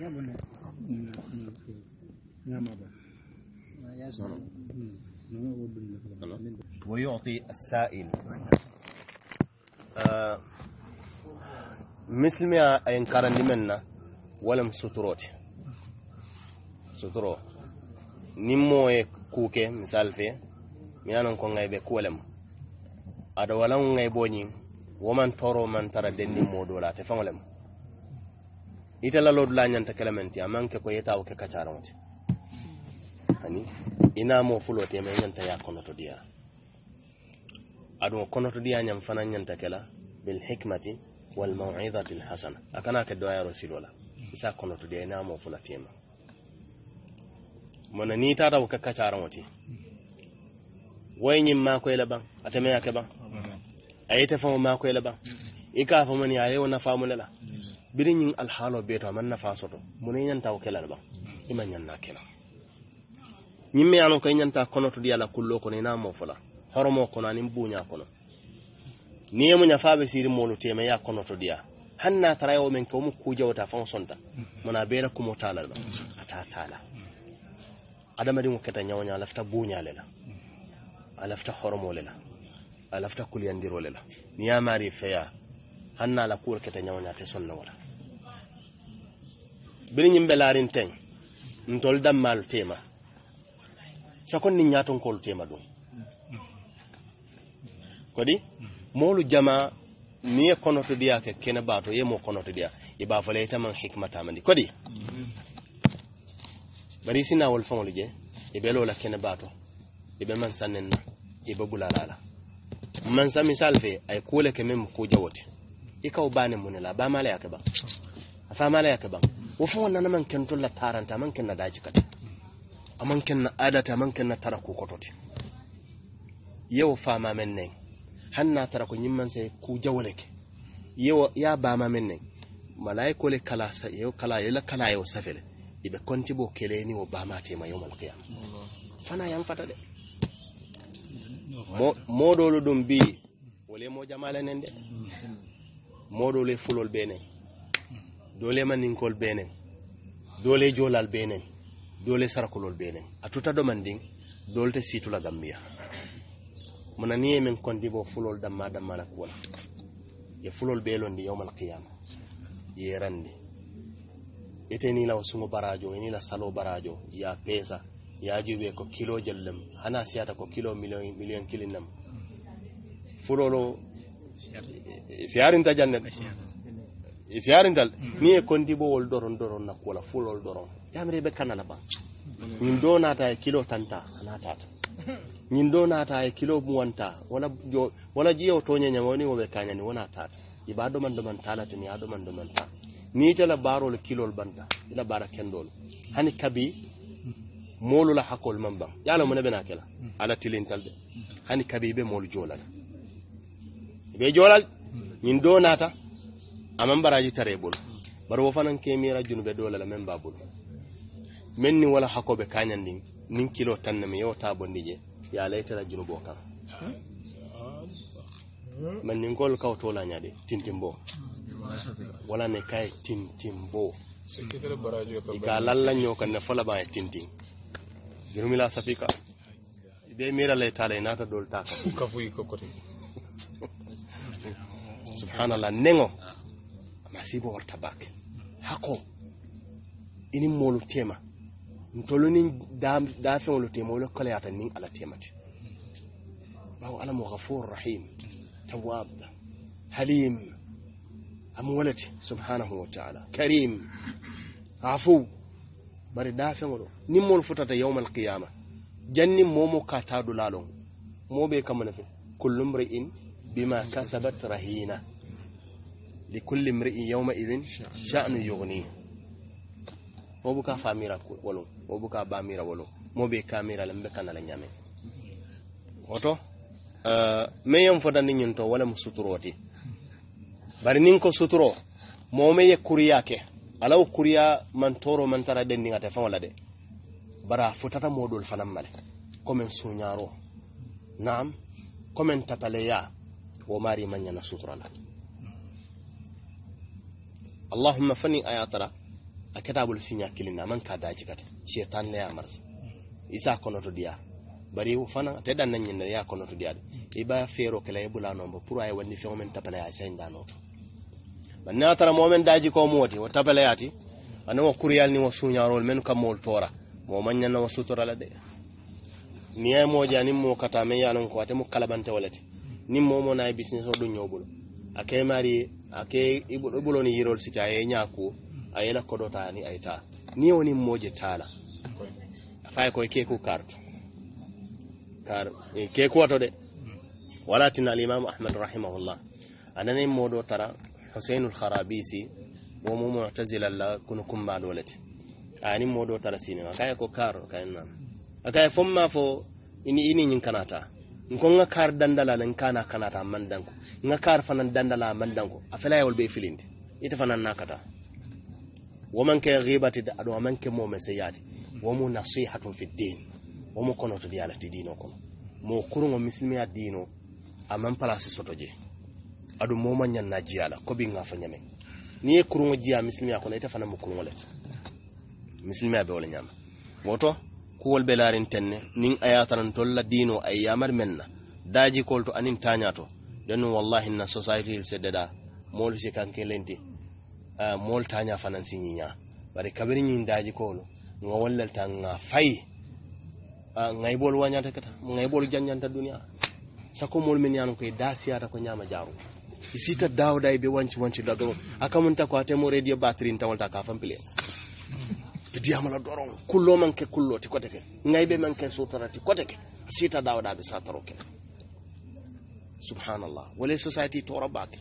Yeah, but no. Yeah, my bad. ويعطي السائل مسلم ينكرن لمنا ولم سترت sutro nin moye kuke misal fe miyanon ko gay ɓe kuolem aɗa walan gay boñin woman toro man tara dendin modola te fangolem ita lalodula ñanta kelementi amanke ko yetawo ke kacaronte ani ina mo fulo me nyanta ya konotodiya aɗum konotodiya ñam fana hikmati wal bilhikmati al hasana akana ka doya silola isa dia ina mo te tema mona ni ta ta kakkacaranwo ti ma mako laban ban ya ke ban ta famo mako ele ban ika ni lala mm. birin yin biriñin alhaalo beeto aman nafa soto mune ñantawo kelal ban ima ñanna kelal ñimme ye lon ko i ñanta konoto di ala kullo kono ina mo fola horomo kono anin buña kono ni ye mu ñafa be siri molu teme ya konoto diya hanna tara yo men ko mu kujawta fan sonta mona bera kumo tala la ata tala adama dingo keta ñawña lafta buñale la alafta horomole la alafta kuliyandirole la ni ya mari feya hanna la kuwol keta ñawña te sonna wala biri ñimbe larin teŋ ntol dammalu tema sakon nin ñaton kolu tema ɗum kodi moolu jama ni ye konoto diya ke kene bato ye mo konoto dia i ba fala itaman hikmatamandi kodi bari sinawol faŋolu je i be lola kene bato i be man sannen na i be bulala la mansa misal fe ay kuule ke meŋ kuja wote i kawo bane mune la bamala yake baŋ a famala yake baŋ wo faŋol nana man kentol la taranta maŋ ken na daji kata aman kenna adate aman kenna tara kukotote yewo fama men nen hanna tara ko yimmanse ku jawoleke yewo ya bama men nen malaikole kala yo kala yela kala yo safele ibe konti bo keleni wo bama te ma yomal qiyam fana yam fata de mo modolo dum bi wole mo jamala nen de modolo e fulol benen dole e manin kol benen dole e jolal benen dole sarakolol benen a tuta domandin dolte situla gambiya mona ni ye min kondibo fulol damma na kuwola ye fulol be londi yawmal qiyama ye randi ite e ni la wasuŋo barajo e ni la salo barajo ya pesa ya jube ko kilo jellem hana siyata ko kilo million million kilin nam fulolo e siyarinta janne siyarintal ni ye wol doron doron na kuwola fulol doron yamre be kanala ba ñin do naata ye kilo tanta a naatata ñin do naata ye kilo muwanta wala jo wala jiyo to toñeñamoni woɓe kañani wona tata iba ɗoman ɗoman talatini a ɗoman ɗoman ta ni tela barol kilol banta ila bara kendol hani kabi moolu la hakkol man baŋ ye a la mune be naa ke la ala tilintal de hani kabi be moolu joola la i be jolal le do doo naata a maŋ baraji tara i bulu bari wo fanaŋ ke miira junube doo la la meŋ baa men ni wala hakoɓe kañandin nin kilo tan tanne mi yewta bondi je ya laytala junubo kan man nin gol kaw tolañade tintimbo wala ne kaye tintimbo ika lallaño kan ne folaba e tintin jurumila safika be mira laytala e nata dol taka subhanallah neŋo ama sibo warta bake hako ini molu tema ntolu niŋ daafeŋolu teema wo le koleyaata niŋ alla teema ti bawo alla mu gafur rahim tawab halim amu wo le ti subhanahu wa taala karim afow bari daafeŋolu niŋ moolu futata yawma alqiyama janniŋ moo mo ka taa dulaa loŋ moo bee kama ne fe kullu mri'in bima kasabat rahina likulli mri'in yawma idin sha'nu yugnii wo buka famira wolon wo buka bamira wolon mo be kamira kana la nyame oto uh, meyen fodani ñin to wala mu suturoti bari nin ko suturo mome ye kuriya ke alaw kuriya man toro man tara den ndingate faŋo la de bara futata modol fanaŋ male commen nam naam commen tapaleya wo mari man ñana sutura la allahumma fani ayatara a keta bol sinya kilina man ka daji kata shetan ne ya isa kono to diya bari wo fana te dan nan nyinna ya kono to diya e ba fero kala e bula no mbo pour ay wonni fe men tapala ya sen da noto banna tara mo men daji ko moti wo tapala yati ana wo kuryal ni wo sunya rol men kam mol tora mo man nyanna wo sutora la de ni ay mo jani mo kata men ya non ko ate mo kalabante walati ni mo mo na business o do nyobul ake mari ake ibulo ni yirol sita e nyako ayela kodota ni aita ni woni moje tala afaye ko keku karto kar e keku ato de wala tin al imam ahmad rahimahullah anani modo tara husain al kharabisi wa mu mu'tazila la kunu kumba dolete ani modo tara sinin kay e ko kar e nan akay e fomma fo ini ini nyin kanata ko nga kar dandala nan kana kanata mandanko nga kar fanan dandala mandanko afela yawol be filinde ita fanan nakata woman ke ribati da aɗo aman ke momen se yaati womu nasihatun fi din womu konoto di ala ti dino kono mo kurugo misilimiya dino aman place soto je aɗum moma ñanna jiyala kobi gafo ñamen ni ye kurugo jiya misilimiya kono ite fana mo kurugo lete misilimiya be wole ñama woto kuwol be larin tenne nin a la dino ay yamar men na daji kolto to anin taña to ɗen wallahi na society se seddeɗa moolu si kanke lenti Ah, molta nya fanan sin nya bari kabirin yin daji kolo ngo wallal ta nga fay uh, ah, ngay bol ta kata ngay bol janñanta duniya sako mol min yanu koy da siyata ko nyama jaru isita dawda be wanci wanci da doron ta ko mo radio battery tawalta ka fampile diyamala doron kullo ke kullo ti ke koteke man ke sutara ti koteke sita da be sataro ke subhanallah wala society to rabake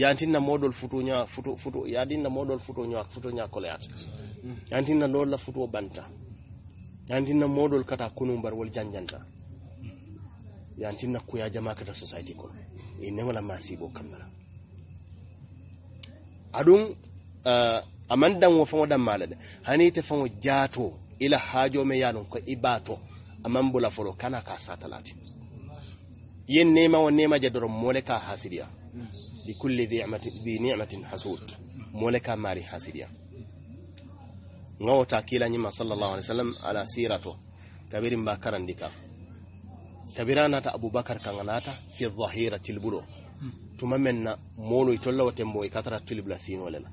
yantinna moɗol futoña futo futo yadinna moɗol futoña futoña koloyata yantinna lolla futo banta yantinna moɗol kata konumbar wol janjanta yantinna kuya jama kata society kono e newala masibo kammala aɗum uh, aman danwo fango dammala de hanite fango jato ila hajo me yalon ko ibato aman bula folo kana ka satalati yen nema o nema je doron mole ka hasiriya li kulli dhi ni'matin hasud mole ka mari hasidia ngawota kila nyima sallallahu alaihi wasallam ala sirato tabirin ba dika tabirana ta abubakar kanganata fi dhahirati albulo tuma menna molo itolla wote mboy katara tulibla sinolela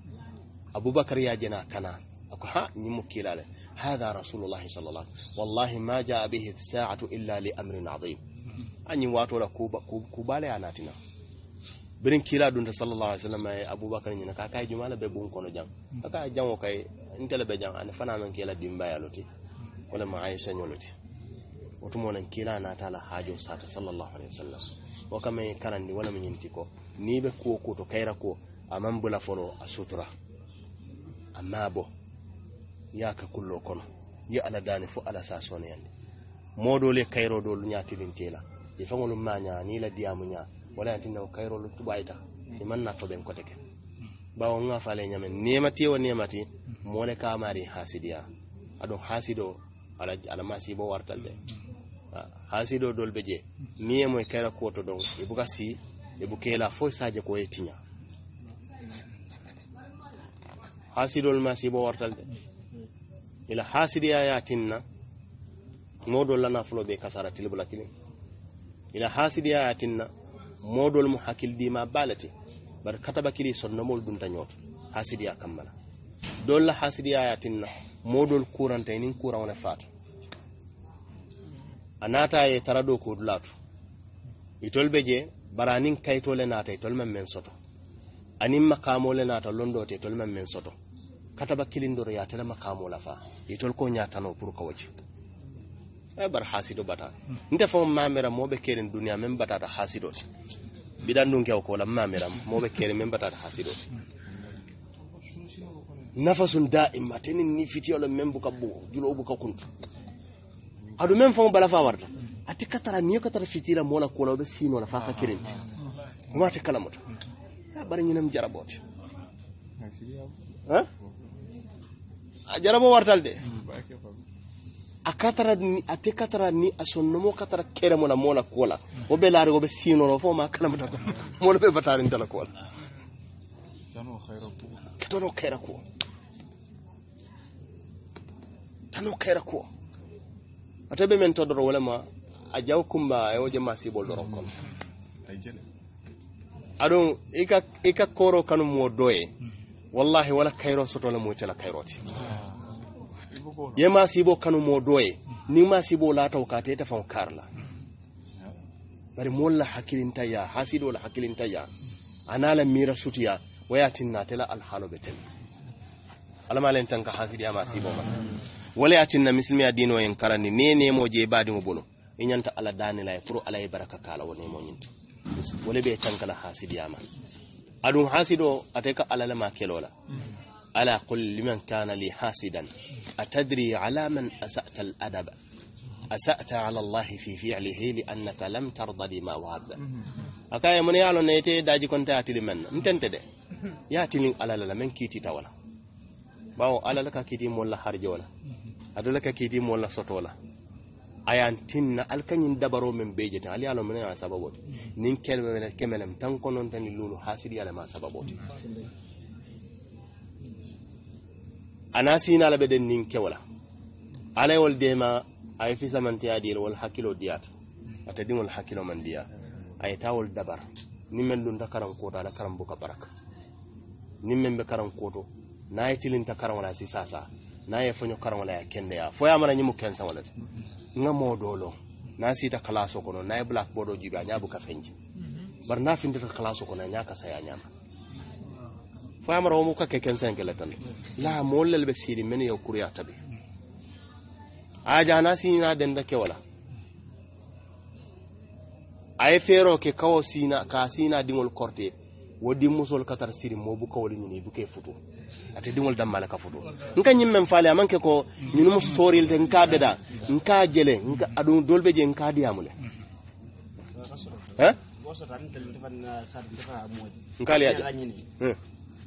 abubakar ya jena kana ako ha nyimu kilale hadha rasulullah sallallahu alaihi wasallam wallahi ma jaa bihi as-sa'atu illa li amrin adhim anyi watu la kubale anatina birin kila dunta sallallahu alaihi wasallam ay abubakar nyina ka kay jumala be bon kono jang hmm. ka jang jango kai intele be jang an fana men kila dimba loti hmm. wala ma aisha nyoloti o mo nan kila na tala hajo sata sallallahu alaihi wasallam wa kama karandi wala min yinti ko ni be ko ko to kaira ko amam bula foro asutura amma bo ya ka kullo kono ya ala dani fu ala sa sone yande modole kairo do lunya tilintela ifangolum manya ni la nya wala yantinna ko kayrol tuba ayta i hmm. man na toɓen kote ke bawo ga fale ñamen nemati wo nemati mole hmm. ka mari hasidiya aɗon hasido ala ala hmm. e e e masibo wartal de hasido dol be je niyemo e kayra kuwoto don e buga si e bu kela fo saje ko yettiña hasidol masibo wartal de ila hasidiya ya tinna ŋo dol la nafolo be kasara tilibula kilin ila hasidiya ya tinna moodol mo hakkildima baalete bar katabakiri sonnomol ɗum dañoto ha sidiya kammana dolla ha sidiya ya tinna moodol kuranta enin kuran wona faata a naata e tara ɗo ko ɗulatu itolɓe je baranin kaytole naata e tolman men soto anin makamole naata londote e tolman men soto katabakkilindoro yatelamakamola fa itol ko ñatano pour kawaji bar hasido bata nte fo mamira moɓe keren duniya men batata hasidoti mbiɗan ɗum kew kola mamiram moɓe keere men batata hasidoti nafasun da imma tenin ni fitiyolo men buka bo julo buka kuntu adu men fo bala fa warta ati katara ni ka tara fitira mola kola be sino la fa ka kirinti kuma ati kala moto bari ni nam jarabot ha jarabo wartal de mm, a ka tara ni a te ka tara ni a sonnomo ka tara keremo na mona kuola wo be laari wo be siinoro fo ma kalamata ko mono be batarintala kuola tono kera kuo tano kera kuo ate be men todoro wolema a jaw kumba e wo je masibol doron mm. kono aɗum ika ika koro kanu mo doye mm. wallahi wala kayro sotole mo tela kayroti ah. ye ma sibo kanu mo doye ni ma sibo lataw ka teta fan karla bari molla hakkilintaya hasido la hakkilintaya anala mira sutiya waya tinnatela alhaalo be tel alamalen tan ka hasidi ma sibo man wala ya tinna misilmi ya dino yen karandi ne nemo je badiŋo bolo i ñanta ala dani ye pour ala ye baraka kala wo nemo ñinto wala be tankala ma aɗum hasido ate ka ala lema kelo la ألا قل لمن كان لي حاسدا أتدري على من أسأت الأدب أسأت على الله في فعله لأنك لم ترضى لما وعد أكاي من يعلو نيتي داجي كنت أتي لمن انتنت دي يأتي لن ألا لمن كيتي تولا باو ألا لك كيتي مولا حرجولا أدو لك كيتي مولا سطولا ayan tinna alkañin dabaro men bejete ali alo mena sababote nin kelme mena kemelem tan konon tan lulu hasidi ala ma ana na ɓe den nin kewla alayewol dema aye fisamanteya diyel wol hakkilo diyata ata ɗiŋol hakilo man diya aye wal dabar ni men ta karan koto ala karan buka baraka ni men ɓe karan koto na ye tilinta wala si sasa na fanyo foño wala ya kendeya fo mana ñimu kensaŋole de ŋa Nga dolo na ta kalaso kono na ye blackboard o jibi, a buka feñje Bar na ta kalaso kono a ña kasaya ñama famara womu ka ke ken senke le tan la mool lel ɓe siiri men yo kuruya tabi a jana siina denda ke wala aye feero ke kawo siina ka siina dingol korte wo dimmusol katar siri mo bukawol ñini buke futu ate dingol dammala ka futu nka ñim men faale amanke ko ñinum soorilte nka deda nka jele aɗum dolɓe je nka diyamule eh, nkaliaƴa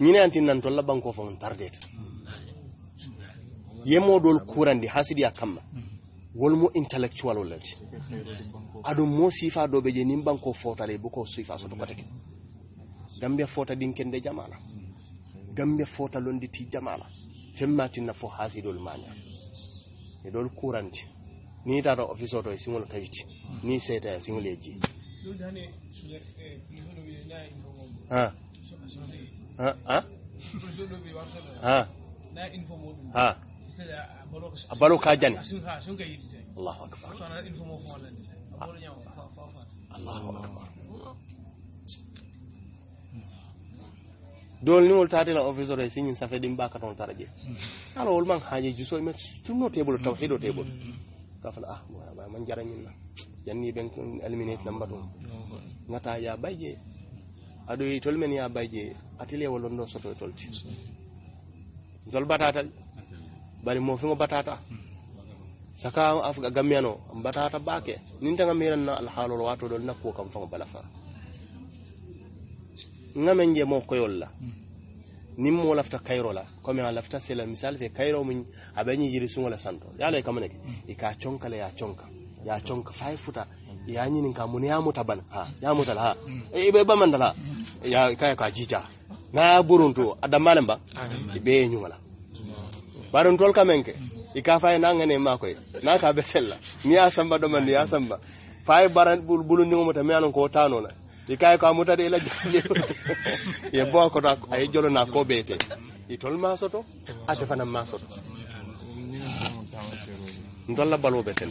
ñine antin nan toon labbanko fo tardeta yemoɗol kurandi ha siɗiya kamma wolmo intellectual ollelte aɗum mo sifa ɗoɓe je nin banko fotale boko sifa so tokoteke gambe fota ɗinkende jamala gambe fota londiti jamala femmatinna fo ha siɗol maña e ɗol kurandi ni tata office oto e siŋol kayiti ni seeta e siŋol e jii ها ها ها ها أبلوك هاجن الله أكبر الله أكبر dol ni wol tati la officer re sinin sa fe dim baka ton taraje alo wol man haaje juso met tunno tebul tawhido tebul ka fala ah man jaramin na janni ben eliminate number dum ngata ya bayje aɗo yi tol men ya bayje atelewol on ɗo soto e tolti tol batatal bari mofimo batata saka afga gammiyano batata baake nin tanga miran na alhaalol watoɗol nakkuo kam fango bala fa ngamen je mo koyol la nin mo lafta kayro la comme a lafta sela misal fe kayro mum aɓañi jiri sugola santo yaalay kamaneke ika mm. e conka la ya conka ya conka fay futa ya ñinin mu mun ya mutu bal ha ya mutu ha mm. e eh, ibe ba dala mm. ya kai ka jija na buruntu malam ba yin wala barun tol kamenke mm. ika fay na ngane ma koy na ka be sella ni ya samba do man ni ya samba fay baran bulu ni mo ta me ko tano na ika ka muta de la jani ye bo ko ta ay jolo na ko bete tol ma soto ate fana ma soto ndolla balo beten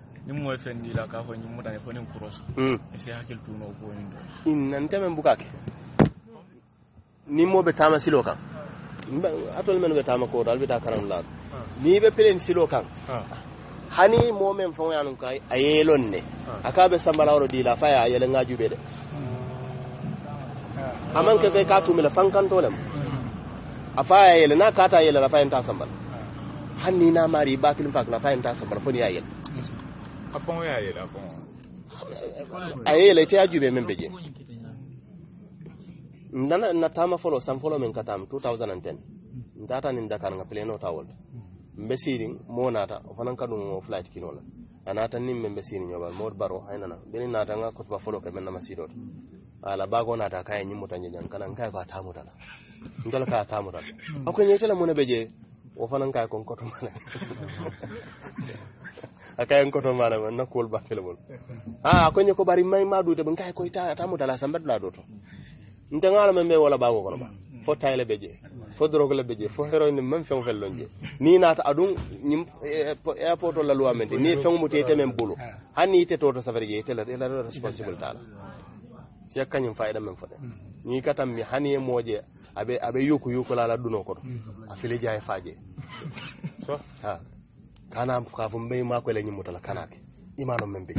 ni mo fɛn di la ka fo nin mutane fo mm. ni cross mm sai hakil tu no ko nin do in nan ta men bukake ni mo be tama silo kan atol men be tama ko dal be ta karam la ah. ni pele ni silo kan ah. hani mo men fo yanun kai ayelon ne aka ah. be sambala woro di la fa ya yelen ngaju be de aman man kai ka tumila fankan tolem mm. a ya yele na kata yele na fayin ta sambal hanni na mari bakilin fak na fayin ta sambal fo ni ya yele afon ya yela afon aye la ite ajube men beje ndana na tama folo sam folo men katam 2010 ndata ni ndakar nga pleno tawol mbe siring mo nata o fanan kadum o flight kinola anata nim men mbe siring yobal mod baro haynana beni nata nga kotba folo ke men na masidot ala bago nata kay nyimuta nyankan kan kay ko tamutala ndol ka tamutala o ko nyetela mo hmm. beje wo fanan kay ko koto mana akay kon koto mana man nakol ba telebol ah ko nyako bari may ma dute ben kay koy ta tamu dala sambat la doto nte ngala me wala ba ko ba fo tayle beje fo drogue le beje fo heroine man fen fel lonje ni nata adun ni e, e, airport la loi men ni fen mu tete men bulu hanni te toto safari je te la responsible tala ya kanyum fayda men fo de ni katam mi haniye moje abe abe yoku yoku la la duno ko afile jaay faaje so ha kana ka fum be ma ko le nyi mutala kana ke imano membe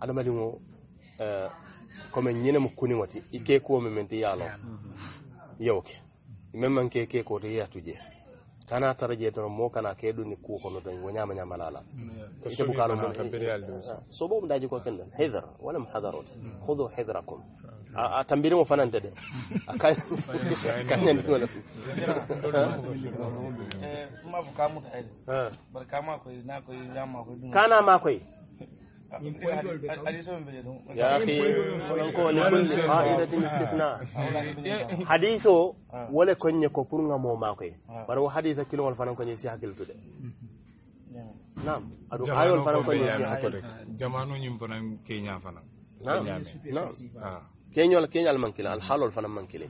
adama di ngo euh comme ñene mu kuni wati ike min mementi yalo yow ke memman ke ke ko to tuje. kana taraje to mo kana ke duni ku ko no don wanyama nyama lala ite bu kala mo so bo daji ko kenden hezar wala muhadarat mm. khudhu hidrakum a tambiri mo fananta de a kañani wala kana ma koy يا أخي ولنكو لكل قاعدة استثناء حديثو ولا كن يكفرنا مو ماكي برو حديث كيلو والفنان كن يسيح كيلو نعم أدو آيو الفنان كن يسيح كيلو جمانو نيم فنان كينيا فنان نعم نعم keñol keñal man kila al halol fana man kile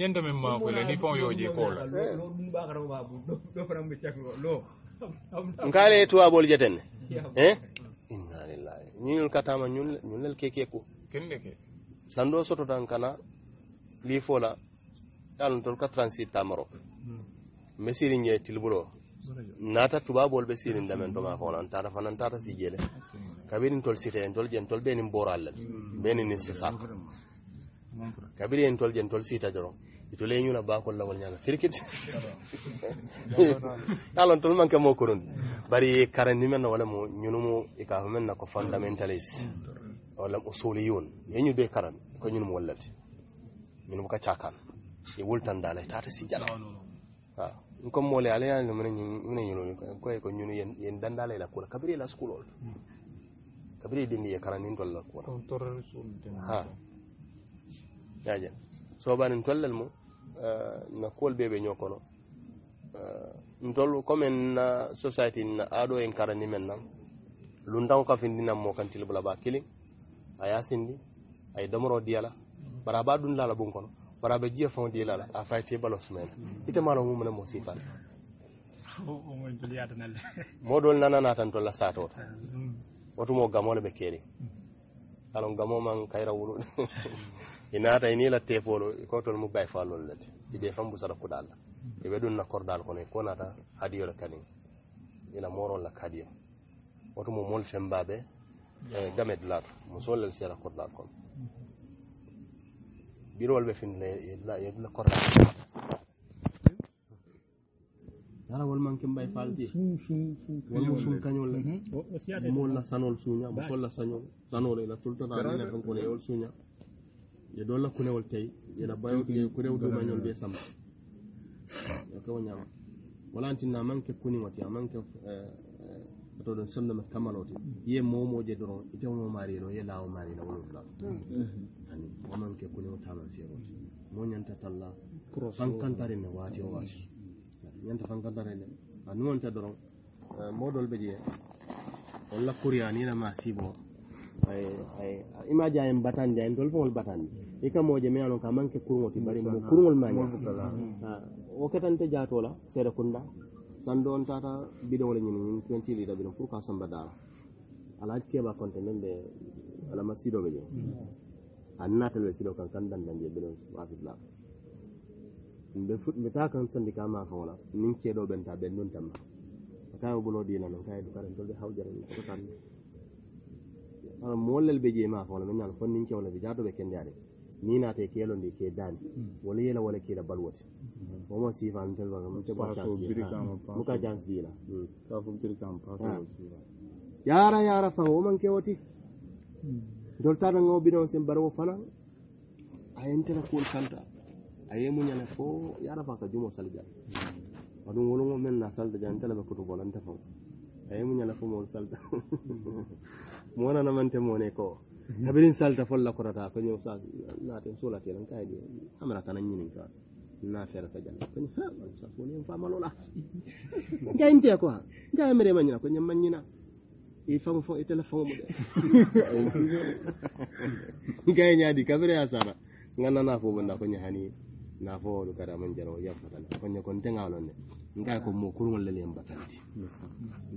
ñendo men ma ko le ni fon yoje ko la ngale to abol jeten eh inna lillahi ñul katama ñun ñun lel keke ko kenne ke sando soto tan kana li fola dal ton 86 tamaro hmm. mesiri ñe tilbulo nata tubabu wol ɓe sinin damen toma kono an tata fana tata sijele kabiri ntol site ntol je ntol benin borallel benin ni sak kabiri en tol je ntol sita doron ito le ñuna bakol lawol ñaga firkit talon tol manke mo kurun bari ni men wala mo mo e ka men na ko fundamentalist wala usuliyun ye yeñu be karan ko ñun mo wallati ñun ko chaakan cakan e wultan dalay tata si jala waaw nkom mole ala ya no mena mena nyolo ko ko nyunu yen dandala ila kula kabri la school hmm. kabri dindi ye karani ndol la kula on torre sul den ha yaje so ban ndol mo na kol bebe nyokono eh, ndol ko men na society na ado en karani men nan lundan ka findina mo kantil bula ba kilin ayasindi ay damoro diala hmm. baraba dun la la bon kono bara be jiya faŋo dii la la a faye tee baloo sumena ite maa loŋ mu mene moo siifa moo doolu nana naatan to la saatoo ta wotumoo gamoo le be keeriŋ a loŋ gamoo maŋ kayira wulu i naata i niŋ i la teepoolu i ko tolu mu bayi faa loolu le ti i be faŋ busata kudaal la i be duŋ na koridaalu kono i ko naata hadiyo le kaniŋ i la mooroolu la kadiyo wotumo moolu feŋ baa be eh, game dulaa to musoolu le sera koridaalu kono birowol ɓe finne yeɓla korra yala wol manke mbay falti wolmo sun kañol la mool mhm. oh, oh, la sanol suña mosol la sañol sanol ila tultotaanene fenkone yewol suña ye dool la kunewol tey yela bayo kunew dumañol ɓe samba yo kewo ñama wala antinna manke kuniŋoti a manke to ɗum somdema kamaloti ye momoje doron itewno marino ye lawo marino wono fula hmm. ani woman ke kunio taman seroti mo ñanta hmm. talla fankantare ne waati o waati ñanta fankantare ne a numonta doron eh, moɗol ɓe je walla kuriya nina ma sibo imaji ayen batandi ayen tol fowol batandi hmm. i ka moje me ano ka manke kurŋoti bari mo kurŋol maña o ketante jatola seeɗa kunda sanndo on tata bidon wala ñinin twenty litre bidon pour qua samba dara alaaji keeɓa compte men ɓe alama sidoɓe ƴe annatel ɓe sido kan kan dandanje bidon wafitla ɓe ɓe ta kan sandika maka wala min keeɗo ɓen ta ɓen ɗon tamma kayo gono dina non kaye dukaren tol ɓe hawjaren totan ala mollel ɓe jeema fo wala min nan fo nin kewla ɓe jaatoɓe kenndeade ni na ta kelo ne ke dan hmm. hmm. wala yela hmm. wala ke da balwat mo mo si fa ntel ba mo te ba chance mo ka chance di la ka fu bir kam pa so ah. yara yara fa man ke wati dolta da ngo bidon sen baro fana ayen tela ko kanta aye mu nyane fo yara fa ka jumo salga wadun wolo mo men na salda jan tela ba ko to bolanta fa aye mu nyane fo mo salda mo na na man te mo ne ko abirin salta folla korata ko ñoo sa na sola naten solatelan kaye de amara kana ñinin ka na fer ka jan ko ha sa ko ne famalo la kay inte ko ha kay mere manina ko ñam manina i fam fo itela famu mo de kay ñadi ya sara ngana na fo bonda ko ñahani na fo lu kada man jaro ya fa tan ko ñe kon tenga lon ne ngai ko mo kurum le le mbatandi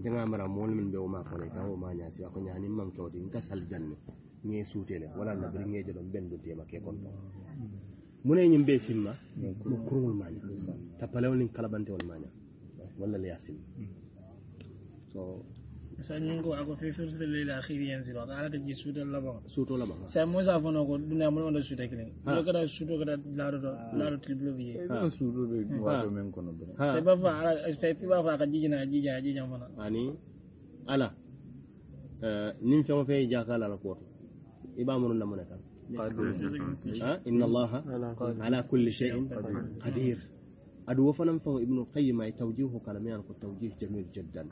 tenga mara mo min be o ma ko ne ka o ma nya si ko ñani man to di ngasal janne ñe souté suutele wala na bari ñe jëlon ben dul tema ké kon mu né ñum be simma ko kurul maña ta palew ni kalabante wal maña wala le yasin so sa ñu ko ako fi firti le la khiri yan silo ka ala ji souté la ba souto la ba sa mo sa fono ko du né mo wala suutal kene lo souto ko da la do la laaro triblo bi ha souto be wa do men no be sa ba fa ala sa fi ba fa ka jijina jija jija mo na ani ala eh, nin fɛn o fɛn ye jaka la la إمام النمونة إن الله على كل شيء قدير أدو فنم فهو ابن القيم أي توجيه كلميان كو توجيه جميل جدا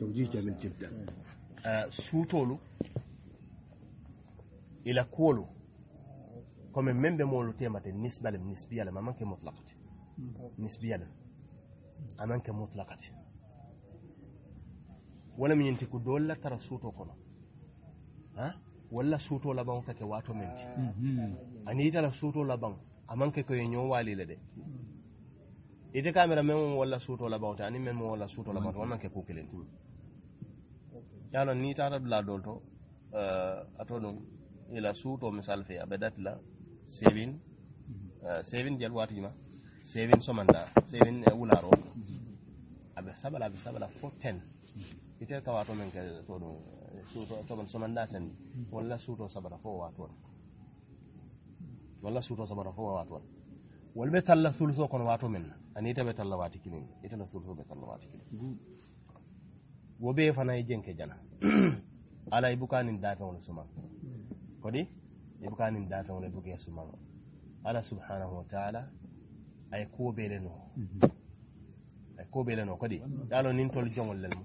توجيه جميل جدا آه سوتولو إلى كولو كم من بمولو تيمة النسبة لم نسبية لما منك مطلقة نسبية لما منك مطلقة ولم ينتكو دولة ترى سوتو كنا ها wala suto laban ka ke wato minti ti mhm. aniŋ ite la laban a man ke kai yin wali da dai de kamera mai mira meŋ walla suuto labaŋo ti aniŋ meŋ mu walla suuto labaŋo ti mhm. wo maŋ ke kuu kiliŋ ti mhm. ye eh, a loŋ ila suto misal fi abadat la suuto misali fee wati ma dati somanda seebin eh, wulaaroo a be sabala a sabala 410 ten ka wato meŋ ka to suto toɓon somanda sen mm. walla suto sabata fo watoon walla suto sabata fo watoon wolɓe talla sulso kono wato men anita ɓe talla wati kinin itana sulso ɓe talla wati kinin wo ɓe fana e jenke jana ala e bukanin dafewone suman mm. kodi e bukanin dafewone buge e suman ala subhanahu wa taala ay ko ɓeleno mm-hmm. ay ko ɓeleno kodi yalo nin tol jongol lelmo